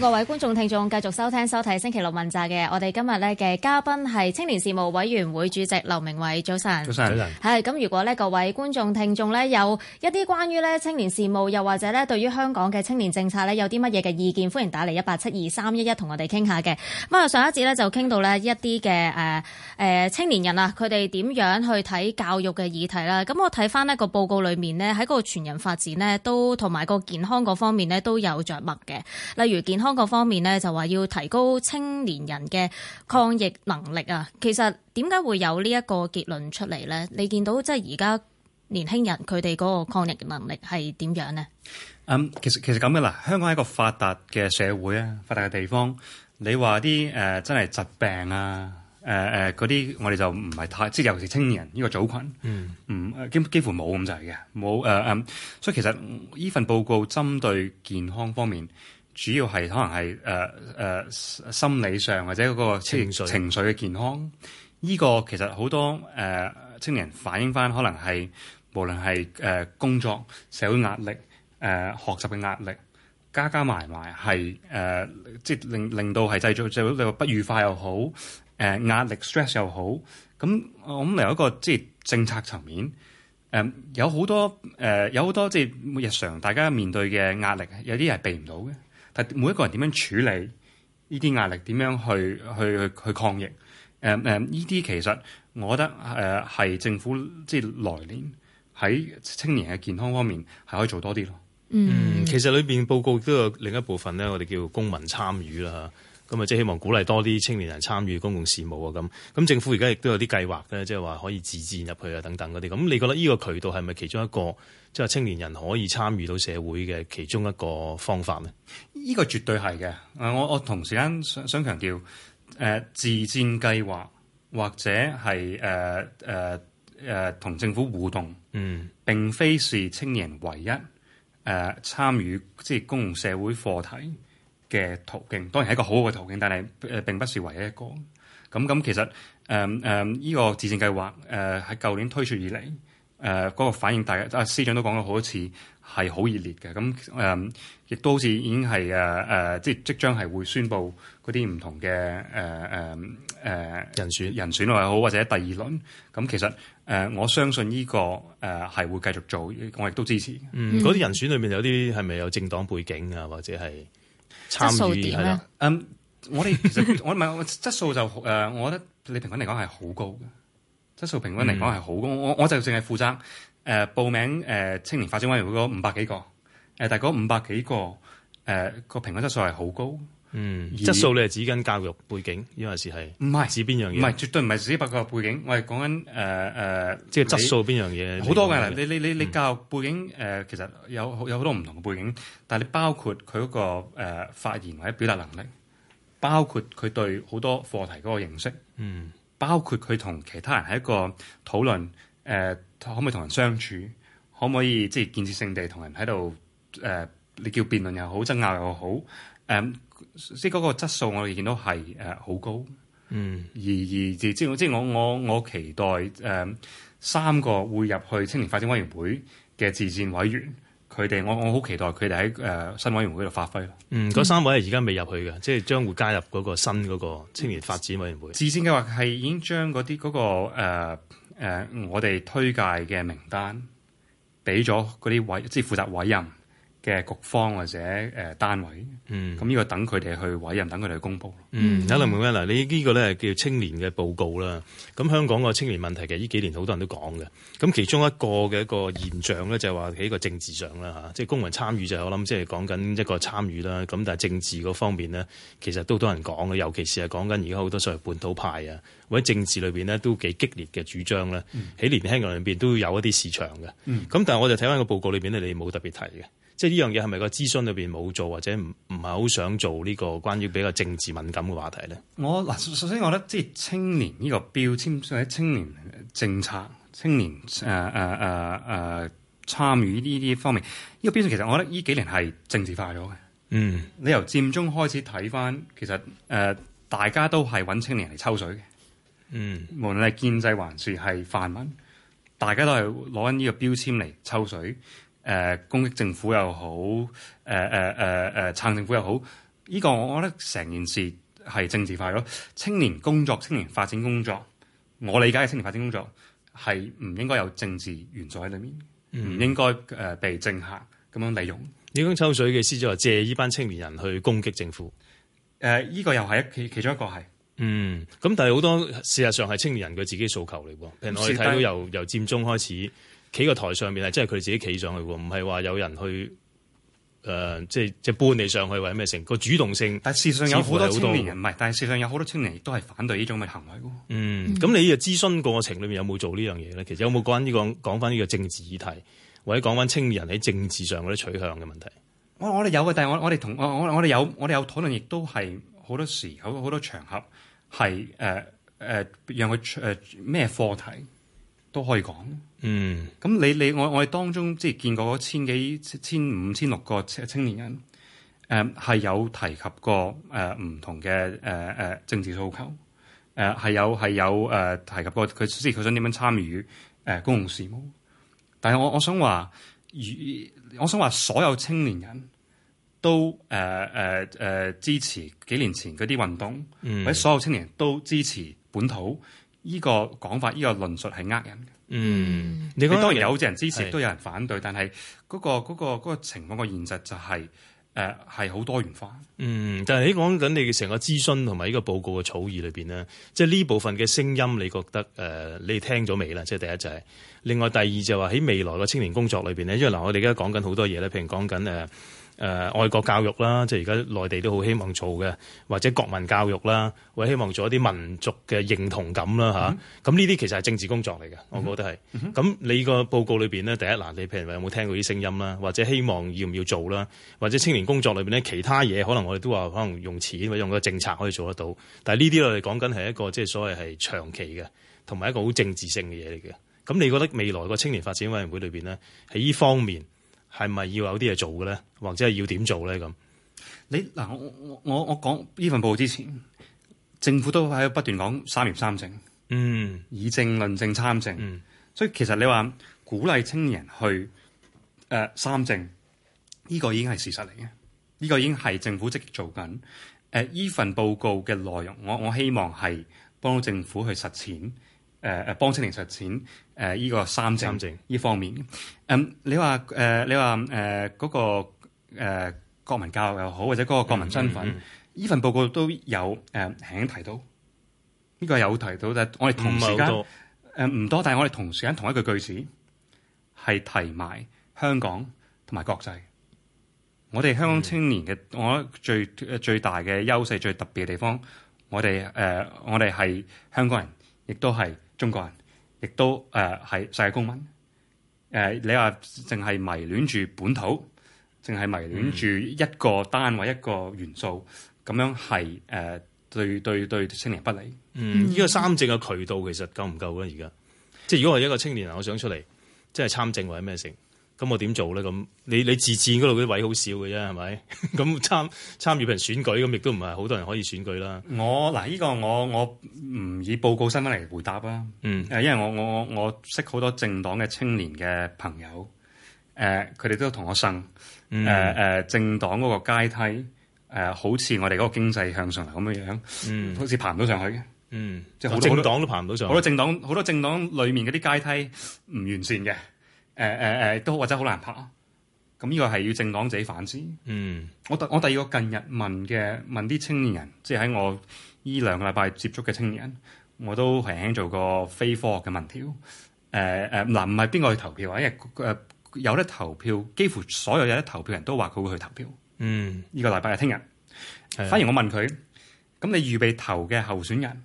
各位觀眾聽眾，繼續收聽收睇星期六問責嘅，我哋今日呢嘅嘉賓係青年事務委員會主席劉鳴煒，早晨，早晨，早晨。係咁，如果呢各位觀眾聽眾呢有一啲關於呢青年事務，又或者呢對於香港嘅青年政策呢有啲乜嘢嘅意見，歡迎打嚟一八七二三一一同我哋傾下嘅。咁啊，上一節呢就傾到呢一啲嘅誒誒青年人啊，佢哋點樣去睇教育嘅議題啦？咁我睇翻呢個報告裏面呢喺個全人發展呢，都同埋個健康嗰方面呢，都有着墨嘅，例如健。香港方面咧，就話要提高青年人嘅抗疫能力啊。其實點解會有呢一個結論出嚟咧？你見到即係而家年輕人佢哋嗰個抗疫能力係點樣呢？嗯，其實其實咁嘅啦。香港係一個發達嘅社會啊，發達嘅地方。你話啲誒真係疾病啊，誒誒嗰啲，我哋就唔係太即係，尤其是青年人呢個組群，嗯嗯，基幾乎冇咁滯嘅冇誒誒。所以其實呢份報告針對健康方面。主要係可能係誒誒心理上或者嗰個情緒情緒嘅健康，呢、這個其實好多誒、呃、青年人反映返，可能係無論係誒、呃、工作社會壓力誒學習嘅壓力，加加埋埋係誒即係令令到係製造製造不愉快又好，誒、呃、壓力 stress 又好。咁我諗嚟有一個即係政策層面，誒、呃、有好多誒、呃、有好多即係日常大家面對嘅壓力，有啲係避唔到嘅。但每一個人點樣處理呢啲壓力，點樣去去去抗逆？誒、呃、誒，呢、呃、啲其實我覺得誒係、呃、政府、呃、政府即係來年喺青年嘅健康方面係可以做多啲咯。嗯，嗯，其實裏邊報告都有另一部分咧，我哋叫公民參與啦嚇。啊。咁啊，即係希望鼓勵多啲青年人參與公共事務啊！咁，咁政府而家亦都有啲計劃嘅，即係話可以自薦入去啊，等等嗰啲咁。你覺得呢個渠道係咪其中一個，即係青年人可以參與到社會嘅其中一個方法呢？呢個絕對係嘅。我我同時間想想強調誒自薦計劃或者係誒誒誒同政府互動嗯，並非是青年唯一誒參與即係公共社會課題嘅途徑當然係一個好好嘅途徑，但係誒、呃、並不是唯一一個咁。咁、嗯、其實誒誒呢個自薦計劃誒喺舊年推出以嚟誒嗰個反應大，大家啊司長都講咗好多次係好熱烈嘅。咁誒亦都好似已經係誒誒即係即將係會宣佈嗰啲唔同嘅誒誒誒人選人選又好，或者第二輪咁、嗯。其實誒、呃、我相信呢、呢個誒係、呃、會繼續做，我亦都支持。嗰啲人選裏面有啲係咪有政黨背景啊，或者係？嗯參與啦，啊、嗯，我哋其實我唔係，我質素就誒、 呃，我覺得你平均嚟講係好高嘅。質素平均嚟講係好高，嗯、我我就淨係負責誒、呃、報名誒、呃、青年發展委員會嗰五百幾個誒、呃，但係嗰五百幾個誒個、呃、平均質素係好高。嗯，質素你係指緊教育背景因為事係唔係指邊樣嘢？唔係絕對唔係指教育背景，我係講緊誒誒，呃呃、即係質素邊你樣嘢好多㗎啦！你你你你教育背景誒、呃，其實有有好多唔同嘅背景，但係你包括佢嗰、那個誒、呃、發言或者表達能力，包括佢對好多課題嗰個認識，嗯，包括佢同其他人喺一個討論，誒、呃、可唔可以同人相處，可唔可以即係、就是、建設性地同人喺度誒，你叫辯論又好，爭拗又好，誒、呃。即係嗰個質素我、呃嗯我，我哋見到係誒好高，嗯，而而即即係我我我期待誒、呃、三個會入去青年發展委員會嘅自薦委員，佢哋我我好期待佢哋喺誒新委員會度發揮咯。嗯，嗰三位而家未入去嘅，嗯、即係將會加入嗰個新嗰個青年發展委員會。自薦計劃係已經將嗰啲嗰個誒、呃呃、我哋推介嘅名單，俾咗嗰啲委即係負責委任。嘅局方或者誒單位，嗯，咁呢個等佢哋去委任，等佢哋去公佈。嗯，嗱、嗯？你呢個咧叫青年嘅報告啦。咁香港個青年問題嘅，呢依幾年好多人都講嘅。咁其中一個嘅一個現象咧，就係話喺個政治上啦嚇，即係公民參與就係我諗即係講緊一個參與啦。咁但係政治嗰方面咧，其實都好多人講嘅，尤其是係講緊而家好多所謂本土派啊，喺政治裏邊咧都幾激烈嘅主張咧，喺、嗯、年輕人裏邊都有一啲市場嘅。嗯，咁但係我就睇翻個報告裏邊咧，你冇特別提嘅。即係呢樣嘢，係咪個諮詢裏邊冇做，或者唔唔係好想做呢個關於比較政治敏感嘅話題咧？我嗱，首先我覺得即係青年呢個標籤，或者青年政策、青年誒誒誒誒參與呢啲方面，呢個標籤其實我覺得呢幾年係政治化咗嘅。嗯，你由佔中開始睇翻，其實誒、呃、大家都係揾青年嚟抽水嘅。嗯，無論係建制還是係泛民，大家都係攞緊呢個標籤嚟抽水。誒、呃、攻擊政府又好，誒誒誒誒撐政府又好，呢、這個我覺得成件事係政治化咯。青年工作、青年發展工作，我理解嘅青年發展工作係唔應該有政治元素喺裡面，唔、嗯、應該誒、呃、被政客咁樣利用。呢種抽水嘅師姐話借呢班青年人去攻擊政府，誒依、呃這個又係一其其中一個係。嗯，咁但係好多事實上係青年人嘅自己訴求嚟喎。譬如我哋睇到由由佔中開始。是企個台上面係真係佢哋自己企上去嘅，唔係話有人去誒、呃，即係即係搬你上去或者咩，成個主動性。但事實上有好多青年，唔係，但係事實上有好多青年亦都係反對呢種嘅行為嘅。嗯、咁、嗯、你嘅諮詢過程裏面有冇做呢樣嘢咧？其實有冇關呢、這個講翻呢個政治議題，或者講翻青年人喺政治上嗰啲取向嘅問題？我我哋有嘅，但係我我哋同我我哋有我哋有討論，亦都係好多時，好好多場合係誒誒，讓佢誒咩課題。都可以講。嗯，咁你你我我哋當中即係見過千幾、千五千六個青年人，誒、嗯、係有提及過誒唔、呃、同嘅誒誒政治訴求，誒、呃、係有係有誒、呃、提及過佢，即係佢想點樣參與誒、呃、公共事務。但係我我想話，我想話所有青年人都誒誒誒支持幾年前嗰啲運動，嗯、或者所有青年人都支持本土。呢個講法，呢、這個論述係呃人嘅。嗯，你當然有啲人支持，是都有人反對，但係嗰、那個嗰、那個那個、情況嘅現實就係誒係好多元化。嗯，但係喺講緊你嘅成個諮詢同埋呢個報告嘅草擬裏邊呢，即係呢部分嘅聲音，你覺得誒、呃、你聽咗未啦？即係第一，就係另外第二就話喺未來嘅青年工作裏邊呢，因為嗱，我哋而家講緊好多嘢咧，譬如講緊誒。呃誒、呃，愛國教育啦，即係而家內地都好希望做嘅，或者國民教育啦，或者希望做一啲民族嘅認同感啦，吓、mm。咁呢啲其實係政治工作嚟嘅，我覺得係。咁、mm hmm。你個報告裏邊呢，第一嗱，你譬如話有冇聽過啲聲音啦，或者希望要唔要做啦，或者青年工作裏邊呢，其他嘢可能我哋都話可能用錢或者用個政策可以做得到，但係呢啲我哋講緊係一個即係所謂係長期嘅，同埋一個好政治性嘅嘢嚟嘅。咁你覺得未來個青年發展委員會裏邊呢，喺呢方面？係咪要有啲嘢做嘅咧？或者係要點做咧？咁你嗱，我我我講呢份報告之前，政府都喺不斷講三業三政，嗯，以政論政參政，嗯、所以其實你話鼓勵青年人去誒參、呃、政，呢、這個已經係事實嚟嘅，呢、這個已經係政府積極做緊。誒、呃，呢份報告嘅內容，我我希望係幫政府去實踐。誒誒、呃、幫青年實踐誒依、呃這個三正呢正方面，嗯，你話誒、呃、你話誒嗰個誒、呃、國民教育又好，或者嗰個國民身份，呢、嗯嗯、份報告都有誒輕、呃、提到，呢、這個有提到，但係我哋同時間誒唔多，但係我哋同時間同一句句子係提埋香港同埋國際，我哋香港青年嘅、嗯、我覺得最最大嘅優勢最特別嘅地方，我哋誒、呃、我哋係香港人，亦都係。中國人亦都誒係、呃、世界公民，誒、呃、你話淨係迷戀住本土，淨係迷戀住一個單位一個元素，咁樣係誒、呃、對對對，對，對青年不利。嗯，依、這個三政嘅渠道其實夠唔夠咧？而家即係如果我係一個青年啊，我想出嚟，即係參政或者咩成？咁我點做咧？咁你你自治嗰度啲位好少嘅啫，係咪？咁 參參與人選舉咁亦都唔係好多人可以選舉啦、這個。我嗱呢個我我唔以報告身份嚟回答啦、啊。嗯，誒，因為我我我識好多政黨嘅青年嘅朋友，誒、呃，佢哋都同我呻，誒誒、嗯呃，政黨嗰個階梯，誒、呃，好似我哋嗰個經濟向上嚟咁嘅樣，嗯，好似爬唔到上去嘅，嗯，即係好多政黨都爬唔到上去。好多政黨好多政黨裡面嗰啲階梯唔完善嘅。誒誒誒，都或者好難拍啊！咁呢個係要政黨自己反思。嗯，我我第二個近日問嘅問啲青年人，即係喺我依兩個禮拜接觸嘅青年人，我都輕輕做過非科學嘅民調。誒、呃、誒，嗱唔係邊個去投票啊？因為誒有得投票，幾乎所有有得投票人都話佢會去投票。嗯，依個禮拜係聽日。嗯、反而我問佢，咁你預備投嘅候選人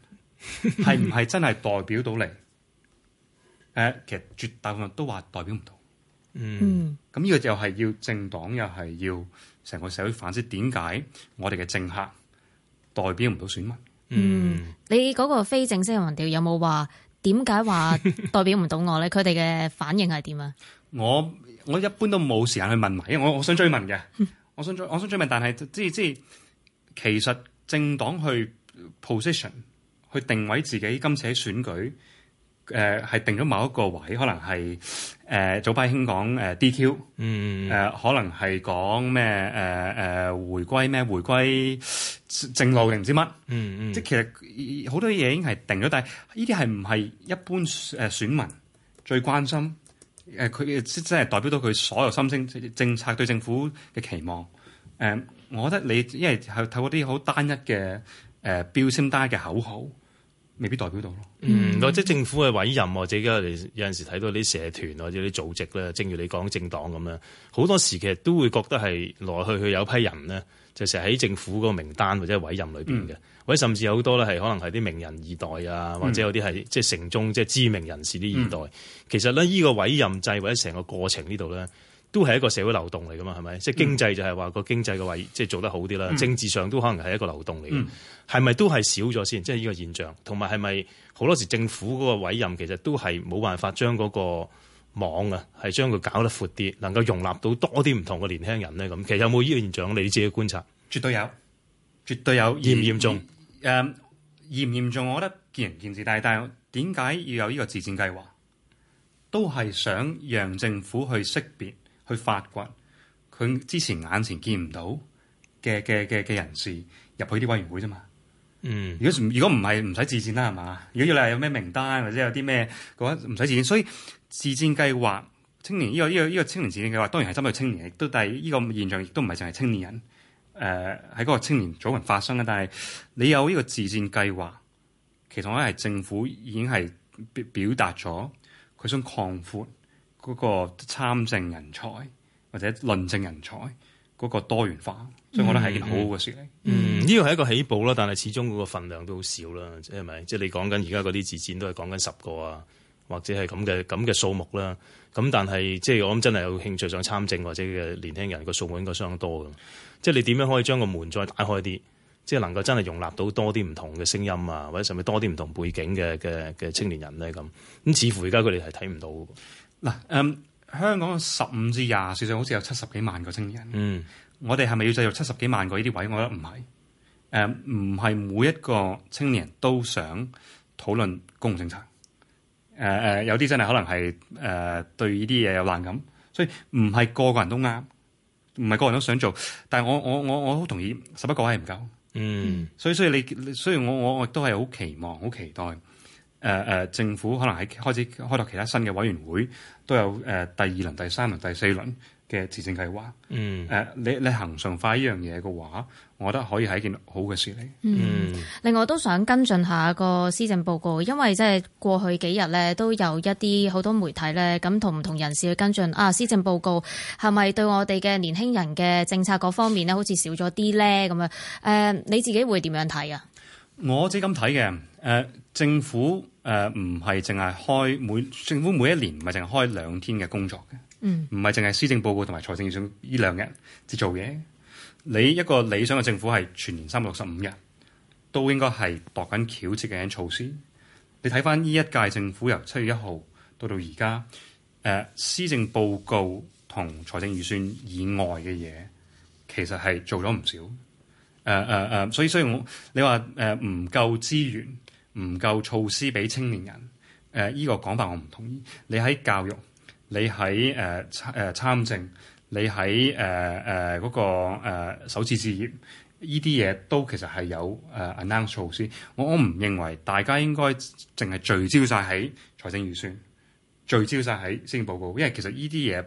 係唔係真係代表到你？嗯 誒，其實絕大部分都話代表唔到，嗯，咁呢個又係要政黨又係要成個社會反思，點解我哋嘅政客代表唔到選民？嗯，你嗰個非正式民調有冇話點解話代表唔到我咧？佢哋嘅反應係點啊？我我一般都冇時間去問埋，因為我我想追問嘅，我想追我想追問，但係即係即係，其實政黨去 position 去定位自己，今次選舉。誒係、呃、定咗某一個位，可能係誒、呃、早排興講誒 DQ，誒可能係講咩誒誒回歸咩回歸正路定唔知乜，嗯嗯、即係其實好、呃、多嘢已經係定咗，但係呢啲係唔係一般誒選民最關心？誒、呃、佢即係代表到佢所有心聲、政策對政府嘅期望。誒、呃，我覺得你因為睇嗰啲好單一嘅誒、呃、標籤、單一嘅口號。未必代表到咯，嗯，或者政府嘅委任或者而家我哋有陣時睇到啲社團或者啲組織咧，正如你講政黨咁樣，好多時其實都會覺得係來去去有批人咧，就成日喺政府嗰個名單或者委任裏邊嘅，嗯、或者甚至有好多咧係可能係啲名人二代啊，或者有啲係即係城中即係知名人士啲二代，嗯、其實咧呢、呢個委任制或者成個過程呢度咧。都係一個社會流動嚟噶嘛，係咪？即係經濟就係話個經濟嘅位，即係做得好啲啦。嗯、政治上都可能係一個流動嚟嘅，係咪、嗯、都係少咗先？即係呢個現象，同埋係咪好多時政府嗰個委任其實都係冇辦法將嗰個網啊，係將佢搞得闊啲，能夠容納到多啲唔同嘅年輕人咧咁。其實有冇呢個現象，你自己觀察？絕對有，絕對有。嚴唔嚴重？誒，嚴唔嚴重？我覺得見仁見智，但係但點解要有呢個自薦計劃？都係想讓政府去識別。去發掘佢之前眼前見唔到嘅嘅嘅嘅人士入去啲委員會啫嘛，嗯如，如果如果唔係唔使自薦啦係嘛，如果要你有咩名單或者有啲咩嘅話唔使自薦，所以自薦計劃青年呢、這個呢、這個呢、這個這個青年自薦計劃當然係針對青年，亦都但係呢個現象亦都唔係淨係青年人，誒喺嗰個青年組群發生嘅，但係你有呢個自薦計劃，其實咧係政府已經係表表達咗佢想擴闊。嗰個參政人才或者論政人才嗰個多元化，嗯、所以我覺得係件好好嘅事嚟、嗯。嗯，呢個係一個起步啦，但係始終嗰個份量都好少啦，即係咪？即係你講緊而家嗰啲自薦都係講緊十個啊，或者係咁嘅咁嘅數目啦。咁但係即係我諗真係有興趣想參政或者嘅年輕人個數目應該相當多嘅。即係你點樣可以將個門再打開啲？即係能夠真係容納到多啲唔同嘅聲音啊，或者甚至多啲唔同背景嘅嘅嘅青年人咧咁。咁似乎而家佢哋係睇唔到。嗱，誒、嗯、香港十五至廿歲上，好似有七十幾萬個青年人。嗯，我哋係咪要製造七十幾萬個呢啲位？我覺得唔係。誒、嗯，唔係每一個青年人都想討論公共政策。誒、呃、誒，有啲真係可能係誒、呃、對呢啲嘢有反感，所以唔係個個人都啱，唔係個個人都想做。但係我我我我好同意，十一個位唔夠。嗯，所以所以你，所以我我我都係好期望，好期待。誒誒、呃，政府可能喺開始開拓其他新嘅委員會，都有誒、呃、第二輪、第三輪、第四輪嘅施政計劃。嗯。誒、呃，你你恆常化呢樣嘢嘅話，我覺得可以係一件好嘅事嚟。嗯。另外都想跟進下個施政報告，因為即係過去幾日咧都有一啲好多媒體咧咁同唔同人士去跟進啊，施政報告係咪對我哋嘅年輕人嘅政策嗰方面咧，好似少咗啲咧咁啊？誒，你自己會點樣睇啊？我即咁睇嘅，誒、呃。政府，誒，唔係淨係開每，政府每一年唔係淨係開兩天嘅工作嘅，唔係淨係施政報告同埋財政預算呢兩日至做嘢，你一個理想嘅政府係全年三百六十五日，都應該係博緊橋接嘅措施。你睇翻呢一屆政府由七月一號到到而家，誒、呃、施政報告同財政預算以外嘅嘢，其實係做咗唔少。誒誒誒，所以雖然我你話誒唔夠資源，唔夠措施俾青年人，誒、呃、呢、這個講法我唔同意。你喺教育，你喺誒誒參政，你喺誒誒嗰個誒、呃、首次置業，呢啲嘢都其實係有誒、呃、announce 措施。我我唔認為大家應該淨係聚焦晒喺財政預算，聚焦晒喺施政報告。因為其實呢啲嘢，誒、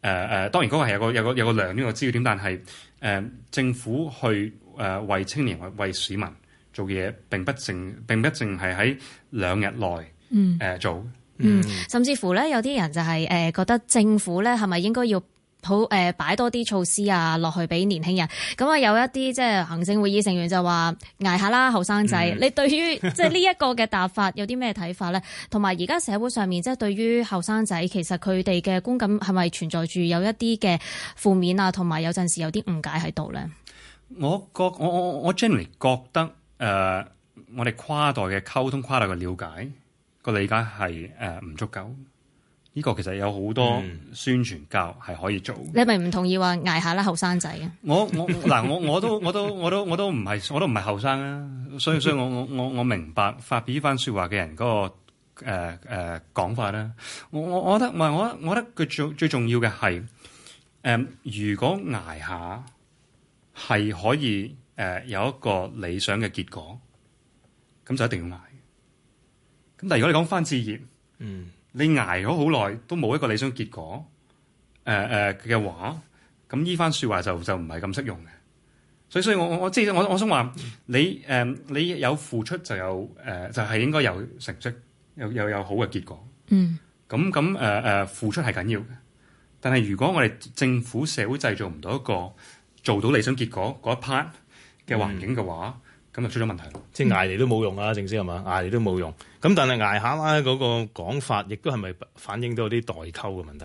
呃、誒，當然嗰個係有個有個有個，有個量呢個焦點，但係誒、呃、政府去誒、呃、為青年為為市民。做嘢並不淨並不淨係喺兩日內誒、嗯呃、做、嗯嗯，甚至乎咧有啲人就係誒覺得政府咧係咪應該要好誒擺多啲措施啊落去俾年輕人？咁啊有一啲即係行政會議成員就話捱下啦，後生仔，你對於即係呢一個嘅答法有啲咩睇法咧？同埋而家社會上面即係對於後生仔其實佢哋嘅觀感係咪存在住有一啲嘅負面啊？同埋有陣時有啲誤解喺度咧？我覺我我我真係覺得。誒、呃，我哋跨代嘅溝通、跨代嘅了解、個理解係誒唔足夠。呢、這個其實有好多宣傳教係可以做、嗯。你係咪唔同意話捱下啦，後生仔啊？我我嗱、呃，我我都我都我都我都唔係，我都唔係後生啊。所以所以我我我我明白發表呢番説話嘅人嗰、那個誒誒、呃呃、講法啦、啊。我我覺得唔係，我我覺得佢最最重要嘅係誒，如果捱下。係可以誒、呃、有一個理想嘅結果，咁就一定要捱。咁但係如果你講翻置業，嗯，你捱咗好耐都冇一個理想結果，誒誒嘅話，咁呢番說話就就唔係咁適用嘅。所以所以我我即係我我想話你誒、呃、你有付出就有誒、呃、就係、是、應該有成績，有有有好嘅結果。嗯，咁咁誒誒付出係緊要嘅，但係如果我哋政府社會製造唔到一個。做到理想結果嗰一 part 嘅環境嘅話，咁、嗯、就出咗問，問題。是是即係捱嚟都冇用啊，正先係嘛？捱嚟都冇用。咁但係捱下啦，嗰個講法亦都係咪反映到啲代溝嘅問題？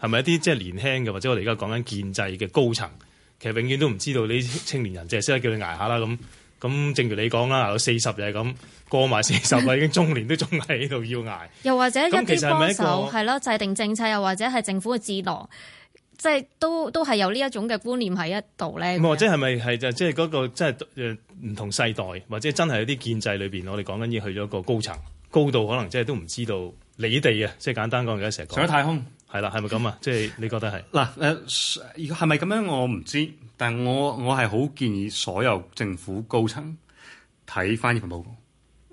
係咪一啲即係年輕嘅，或者我哋而家講緊建制嘅高層，其實永遠都唔知道呢啲青年人就係識得叫你捱下啦。咁咁正如你講啦，有四十日係咁過埋四十，我 已經中年都仲喺度要捱。又或者政府幫手，係咯，制定政策又或者係政府嘅智囊。即係都都係有呢一種嘅觀念喺一度咧，唔係、嗯、即係咪係就即係嗰、嗰個即係誒唔同世代，或者真係有啲建制裏邊，我哋講緊要去咗個高層高度，可能即係都唔知道你哋啊，即係簡單講而家成日講上咗太空，係啦，係咪咁啊？ 即係你覺得係嗱誒？而家係咪咁樣我唔知，但我我係好建議所有政府高層睇翻呢份報告，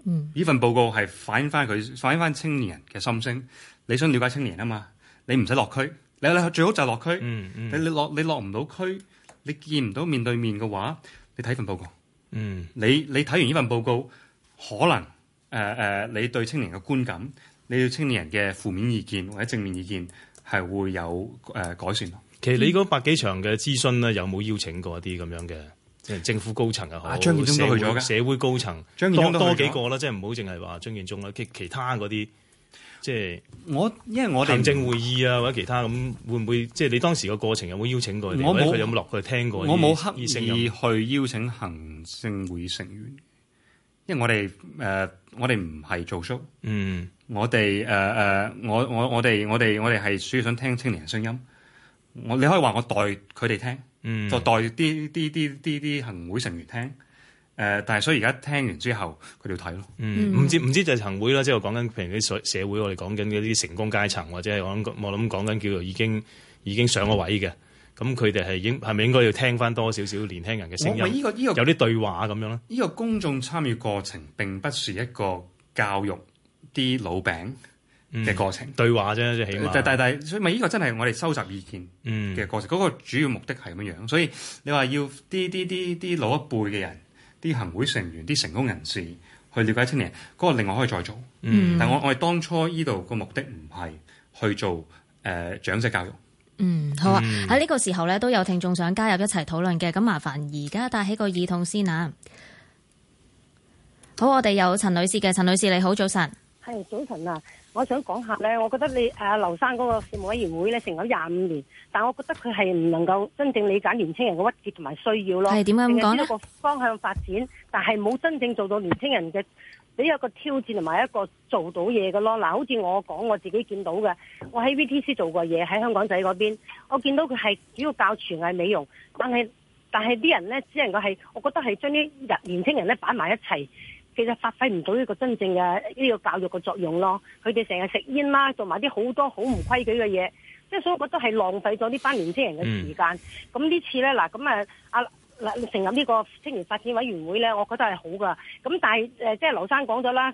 嗯，呢份報告係反映翻佢反映翻青年人嘅心聲。你想了解青年啊嘛？你唔使落區。你你最好就落區，嗯嗯、你你落你落唔到區，你見唔到面對面嘅話，你睇份報告。嗯，你你睇完呢份報告，可能誒誒、呃，你對青年嘅觀感，你對青年人嘅負面意見或者正面意見係會有誒、呃、改善咯。其實你嗰百幾場嘅諮詢咧，有冇邀請過一啲咁樣嘅，即係政府高層好啊，張建宗都去咗嘅社會高層，張建宗多多幾個啦，即係唔好淨係話張建宗啦，其其他嗰啲。即係我，因為我哋行政會議啊，或者其他咁，會唔會即係你當時個過程有冇邀請過？我冇，有冇落去聽過？我冇刻意誠意去邀請行政會成員，因為我哋誒、uh, 嗯 uh，我哋唔係做 show，嗯，我哋誒誒，我我我哋我哋我哋係主要想聽青年嘅聲音，我你可以話我代佢哋聽，就、嗯、代啲啲啲啲啲行會成員聽。誒、呃，但係所以而家聽完之後，佢哋要睇咯。唔、嗯、知唔知就係行會啦。即係我講緊譬如啲社社會，我哋講緊嗰啲成功階層，或者係我諗我諗講緊叫做已經已經上咗位嘅，咁佢哋係應係咪應該要聽翻多少少年輕人嘅聲音？呢、哦這個依、這個有啲對話咁樣咧。呢個公眾參與過程並唔係一個教育啲老餅嘅過程，嗯、對話啫，即起碼。但但係，所以咪呢個真係我哋收集意見嘅過程。嗰、嗯、個主要目的係咁樣，所以你話要啲啲啲啲老一輩嘅人。啲行會成員、啲成功人士去了解青年，嗰個另外可以再做。嗯、但我我哋當初依度個目的唔係去做誒、長者教育。嗯，好啊，喺呢個時候咧都有聽眾想加入一齊討論嘅，咁麻煩而家戴起個耳筒先啊！好，我哋有陳女士嘅，陳女士你好，早晨。係，早晨啊！我想講下咧，我覺得你誒、啊、劉生嗰個事務委員會咧，成咗廿五年，但係我覺得佢係唔能夠真正理解年青人嘅鬱結同埋需要咯。係點樣講？係一個方向發展，但係冇真正做到年青人嘅，你一個挑戰同埋一個做到嘢嘅咯。嗱、啊，好似我講我自己見到嘅，我喺 VTC 做過嘢喺香港仔嗰邊，我見到佢係主要教廚藝美容，但係但係啲人咧只能夠係，我覺得係將啲人年青人咧擺埋一齊。其實發揮唔到呢個真正嘅呢個教育嘅作用咯，佢哋成日食煙啦，同埋啲好多好唔規矩嘅嘢，即係所以我覺得係浪費咗呢班年輕人嘅時間。咁呢次呢，嗱咁啊，阿、啊啊啊、成立呢個青年發展委員會呢，我覺得係好噶。咁但係即係劉生講咗啦，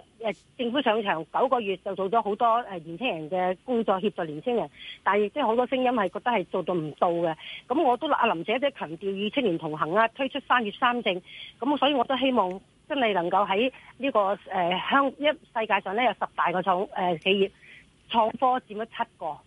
政府上場九個月就做咗好多誒年輕人嘅工作，協助年輕人，但係即係好多聲音係覺得係做到唔到嘅。咁我都阿、啊、林姐姐強調與青年同行啊，推出三業三政，咁所以我都希望。真係能夠喺呢、這個誒香一世界上咧有十大個創誒、呃、企業創科佔咗七個，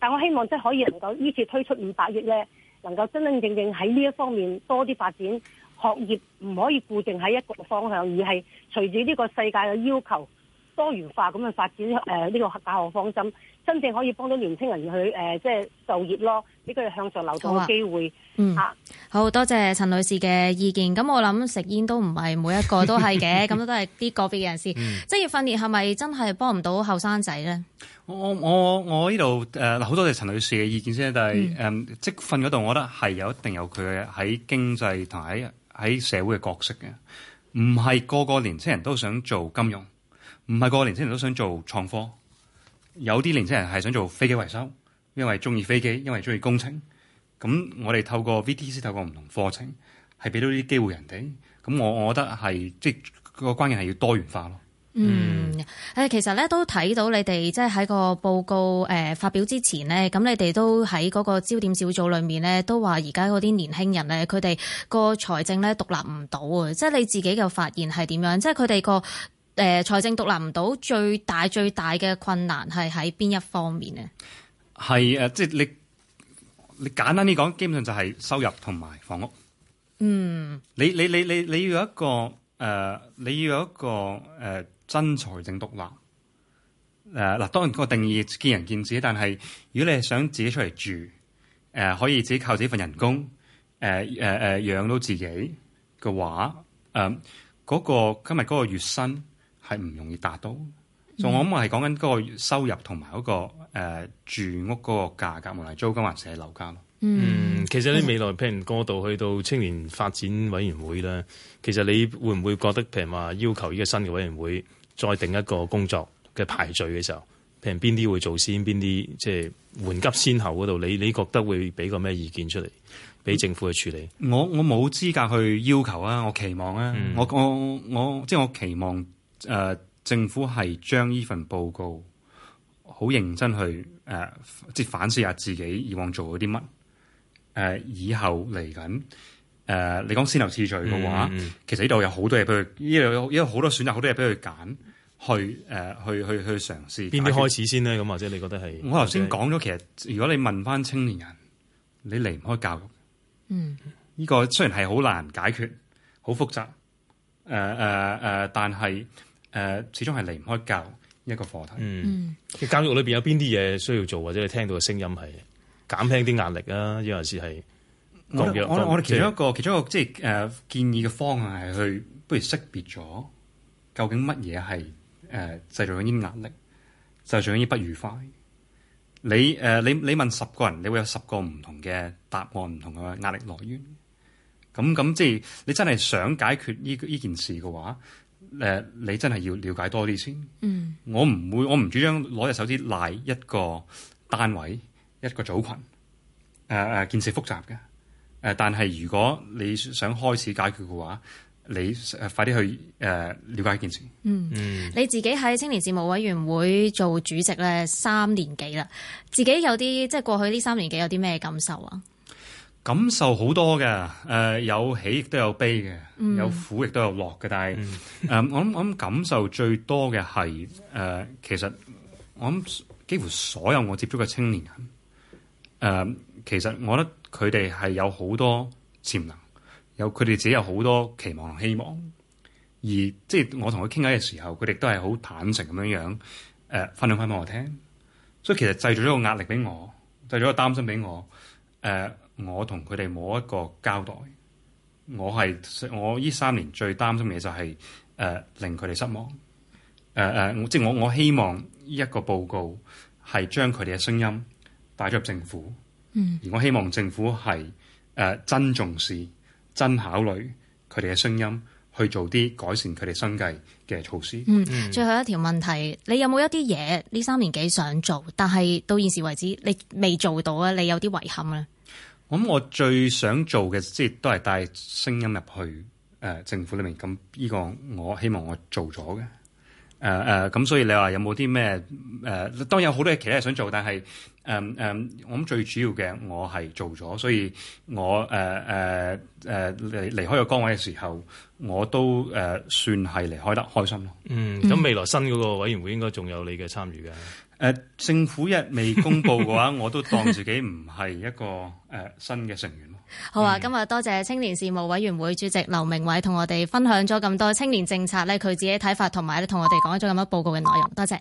但我希望即係可以能夠依次推出五百億咧，能夠真真正正喺呢一方面多啲發展學業，唔可以固定喺一個方向，而係隨住呢個世界嘅要求多元化咁去發展誒呢、呃這個大學方針。真正可以幫到年青人去誒，即、呃、係、呃呃、就業咯，俾佢哋向上流動嘅機會啊。嗯，嚇、啊，好多謝陳女士嘅意見。咁我諗食煙都唔係每一個都係嘅，咁 都係啲個別人士。職、嗯、業訓練係咪真係幫唔到後生仔咧？我我我我呢度誒，好、呃、多謝陳女士嘅意見先。但係誒職訓嗰度，嗯嗯、我覺得係有一定有佢嘅喺經濟同喺喺社會嘅角色嘅。唔係個個年青人都想做金融，唔係個個年青人都想做創科。有啲年輕人係想做飛機維修，因為中意飛機，因為中意工程。咁我哋透過 VTC，透過唔同課程，係俾到啲機會人哋。咁我我覺得係即係個關鍵係要多元化咯。嗯，誒其實咧都睇到你哋即係喺個報告誒發表之前咧，咁你哋都喺嗰個焦點小組裏面咧都話而家嗰啲年輕人咧，佢哋個財政咧獨立唔到啊！即係你自己嘅發現係點樣？即係佢哋個。誒，財、呃、政獨立唔到，最大最大嘅困難係喺邊一方面咧？係誒、啊，即係你你簡單啲講，基本上就係收入同埋房屋。嗯，你你你你你要有一個誒，你要有一個誒、呃呃、真財政獨立。誒，嗱，當然個定義見仁見智，但係如果你係想自己出嚟住，誒、呃，可以自己靠自己份人工，誒誒誒，養、呃、到自己嘅話，誒、呃，嗰、那個今日嗰個月薪。係唔容易達到，就我諗我係講緊嗰個收入同埋嗰個、呃、住屋嗰個價格，無論租金還是，是樓價咯。嗯，嗯其實你未來譬如過度去到青年發展委員會咧，其實你會唔會覺得譬如話要求呢個新嘅委員會再定一個工作嘅排序嘅時候，譬如邊啲會做先，邊啲即係緩急先後嗰度，你你覺得會俾個咩意見出嚟俾政府去處理？我我冇資格去要求啊，我期望啊，嗯、我我我，我即係我期望。誒、呃，政府係將呢份報告好認真去誒、呃，即係反思下自己以往做咗啲乜。誒、呃，以後嚟緊，誒、呃，你講先後次序嘅話，嗯嗯、其實呢度有好多嘢，俾佢，呢度有，有好多選擇，好多嘢俾佢揀，去誒、呃，去去去嘗試。邊啲開始先呢？咁或者你覺得係？我頭先講咗，其實如果你問翻青年人，你離唔開教育。嗯，呢個雖然係好難解決，好複雜。誒誒誒，但係。誒，uh, 始終係離唔開教一個課題。嗯，嗯教育裏邊有邊啲嘢需要做，或者你聽到嘅聲音係減輕啲壓力啊，有陣時係。我我哋其中一個，、就是、其中一個，其中一個即係誒建議嘅方案係去，不如識別咗究竟乜嘢係誒製造緊啲壓力，製造緊啲不愉快。你誒、呃、你你問十個人，你會有十個唔同嘅答案，唔同嘅壓力來源。咁咁即係你真係想解決呢呢件事嘅話？誒，你真係要了解多啲先。嗯，我唔會，我唔主張攞隻手指賴一個單位一個組群。誒、呃、誒，件事複雜嘅誒、呃，但係如果你想開始解決嘅話，你快啲去誒了解一件事。嗯嗯，嗯你自己喺青年事務委員會做主席咧三年幾啦，自己有啲即係過去呢三年幾有啲咩感受啊？感受好多嘅，誒、呃、有喜亦都有悲嘅，嗯、有苦亦都有樂嘅。但係誒、嗯呃，我諗我諗感受最多嘅係誒，其實我諗幾乎所有我接觸嘅青年人誒、呃，其實我覺得佢哋係有好多潛能，有佢哋自己有好多期望同希望。而即係我同佢傾偈嘅時候，佢哋都係好坦誠咁樣樣誒、呃，分享翻俾我聽。所以其實製造咗個壓力俾我，製造個擔心俾我誒。呃我同佢哋冇一個交代。我係我呢三年最擔心嘅就係、是、誒、呃、令佢哋失望。誒、呃、誒，即係我我希望一個報告係將佢哋嘅聲音帶咗入政府。嗯，而我希望政府係誒、呃、真重視、真考慮佢哋嘅聲音，去做啲改善佢哋生計嘅措施。嗯，最後一條問題，嗯、你有冇一啲嘢呢三年幾想做，但係到現時為止你未做到啊？你有啲遺憾啊？咁我最想做嘅，即係都係帶聲音入去，誒、呃、政府裏面。咁呢個我希望我做咗嘅，誒、呃、誒，咁、呃、所以你話有冇啲咩？誒、呃、當然有好多嘢、其他嘢想做，但係，誒、呃、誒、呃，我諗最主要嘅我係做咗，所以我誒誒誒離離開個崗位嘅時候，我都誒、呃、算係離開得開心咯。嗯，咁未來新嗰個委員會應該仲有你嘅參與嘅。政府一未公布嘅話， 我都當自己唔係一個誒新嘅成員。好啊，今日多謝青年事務委員會主席劉鳴煒同我哋分享咗咁多青年政策咧，佢自己睇法同埋咧，同我哋講咗咁多報告嘅內容。多謝。